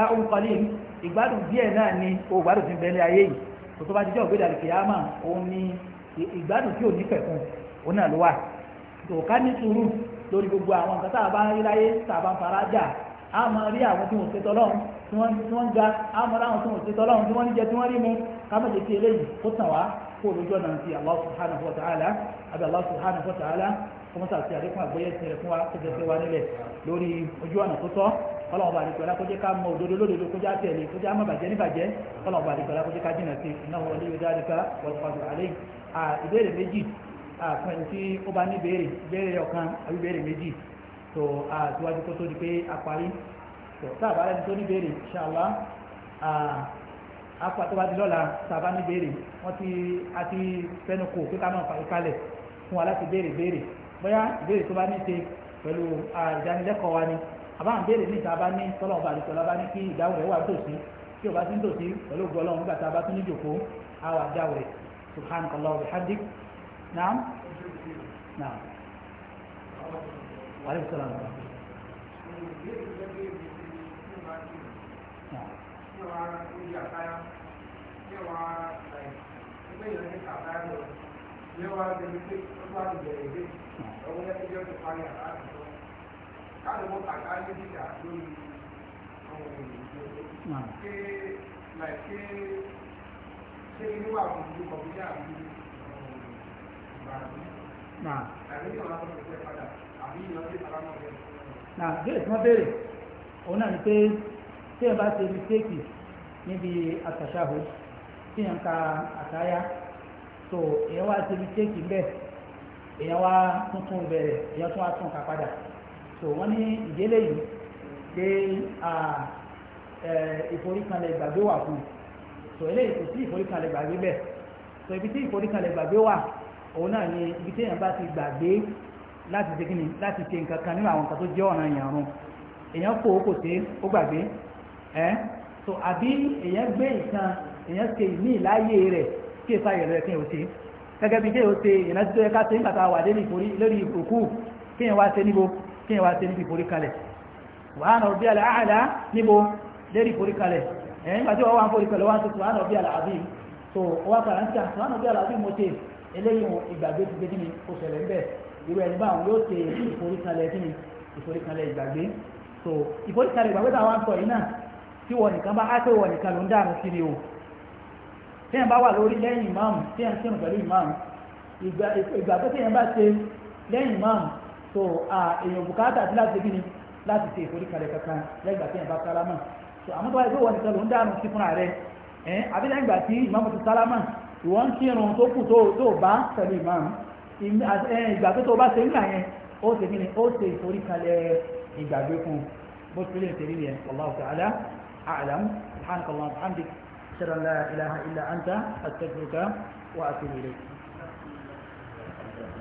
Speaker 1: sàǹfààní fún wa tó ìgbádùn díẹ̀ náà ni o gbádùn ti bẹ̀lẹ̀ ayé yìí kò tó bá ti jẹ́ ògbé dàlù kìámà òun ni ìgbádùn tí ò ní fẹ̀kùn òun náà ló wà gbogbo àwọn nǹkan tá a bá ń rí láyé tá a bá ń fara jà á mọ rí àwọn tí wọn ò ṣe tọlọ́run tí wọ́n ń ga á mọ tí ṣe tí wọ́n jẹ mu ká má eléyìí kó tàn wá ti ọlọ́ọ̀bà àdìsọ alákọ̀jẹ́ ká mọ òdodo lódodo kó já tẹ̀lé kó já má bàjẹ́ ní bàjẹ́ ọlọ́ọ̀bà àdìsọ alákọ̀jẹ́ ká jìnà sí iná wọlé yóò dáadé ká wọlọ́pàdé àlẹ́ ìbéèrè méjì fún ẹni tí ó bá ní béèrè béèrè ọ̀kan àbí béèrè méjì tó àtiwájú kó tó di pé a parí tó sáàbà rẹ̀ tó ní béèrè ṣàlá apá tó bá di lọ́la sáàbà ní béèrè wọ́n ti a ti fẹ́nu kò pé ká máa bóyá ìbéèrè tó bá ní ṣe pẹ̀lú ìdánilẹ́kọ̀ọ́ wa ni àbá ń béèrè níta bá ní tọ́lọ́wọ́n bá àdìsọ́lá bá ní kí ìdáhùn rẹ̀ wà tòsí tí o bá ti ń tòsí pẹ̀lú gbọ́lọ́ nígbà tá a bá tún ní jòkó àwọn àdáhùn rẹ̀ subhanakallah wa bihamdik naam naam wa alaykum salaam wa rahmatulah. Yẹ́wàá káwọn wọn kàkà ní ìjà lórí àwọn ènìyàn ṣe láìpẹ́ ṣe inú wà fún ìlú kọ̀ọ̀bíyà àbí um, ìbàdí àbí ìyọ̀lá tó ti fẹ́ padà àbí ìyọ̀lá tó ti padà náà bẹ́ẹ̀. nà bẹ́ẹ̀ tí wọ́n béèrè òun náà ni pé tí ẹ bá ṣe mistéèkì níbi àtàṣàhò tí ẹ ń ka àtáyá tó èèyàn wá ṣe mistéèkì bẹ́ẹ̀ èèyàn wá tuntun bẹ̀rẹ̀ èèyàn tún wá tún kà padà so wọ́n ní ìdílé yìí pé ìforíkanlẹ̀ ìgbàgbé wà fún un so eléyìí kò sí ìforíkanlẹ̀ ìgbàgbé bẹ́ẹ̀ so ibi tí ìforíkanlẹ̀ ìgbàgbé wà òun náà ni ibi tí èèyàn bá ti gbàgbé láti ṣe kíni láti ṣe nǹkan kan nínú àwọn nǹkan tó jẹ́ ọ̀ràn èèyàn run èèyàn kò kò sí ó gbàgbé ẹ́ so àbí èèyàn gbé ìkan èèyàn ṣe ìní ìláyé rẹ̀ kí èèfà yẹ̀rọ ẹ̀ kí èèyàn ṣe gẹ́gẹ́ bí kí èèyàn ṣe ìrántí tó yẹ ká ṣe nígbà tá a wà lórí ìforí lórí òkú kí èèyàn wá ṣe níbo kí ẹ wá ṣe níbi forí kalẹ̀ subhana rabbiyal a'la níbo lérí forí kalẹ̀ ẹ̀ nígbà tí wọ́n wá ń forí kalẹ̀ wọ́n ti subhana rabbiyal azim so wọ́n kàrà ń sàn subhana rabbiyal azim mo ṣe eléyìí ìgbàgbé ti gbé kí ni kò ṣẹlẹ̀ ńbẹ̀ irú ẹni báwọn yóò ṣe ìforíkalẹ̀ kí ni ìforíkalẹ̀ ìgbàgbé so ìforíkalẹ̀ ìgbàgbé táwọn ń sọ yìí náà tí wọ́n nìkan bá ápé wọ́n nìkan ló ń dáàmú sí ni o tí ẹ̀ bá wà lórí lẹ́yìn ìmáàmù tí ẹ̀ ń sẹ́nu pẹ̀lú ìmáàmù ìgbàgbé tí ẹ̀ bá ṣe lẹ́yìn ìmáàmù so èèyàn bùkátà sí láti gbìn láti ṣe ìforíkalẹ̀ kankan lẹ́gbà tí yẹn bá sálámà so àmọ́ tó wáyé pé wọ́n ti sọ̀rọ̀ ń dànù sí fúnra rẹ̀ ẹ̀ àbí lẹ́gbà tí ìmáàmù ti sálámà ìwọ́n ń kírun tó kù tó bá pẹ̀lú ìmáàmù ìgbà tó tó bá ṣe nígbà yẹn ó ṣe gbìn ó ṣe ìforíkalẹ̀ ìgbàgbé fún bó ti lè tẹ̀lé yẹn wallahu ta'ala a'lam subhanakallahumma wa bihamdik ashhadu an la ilaha illa anta astaghfiruka wa atubu ilayk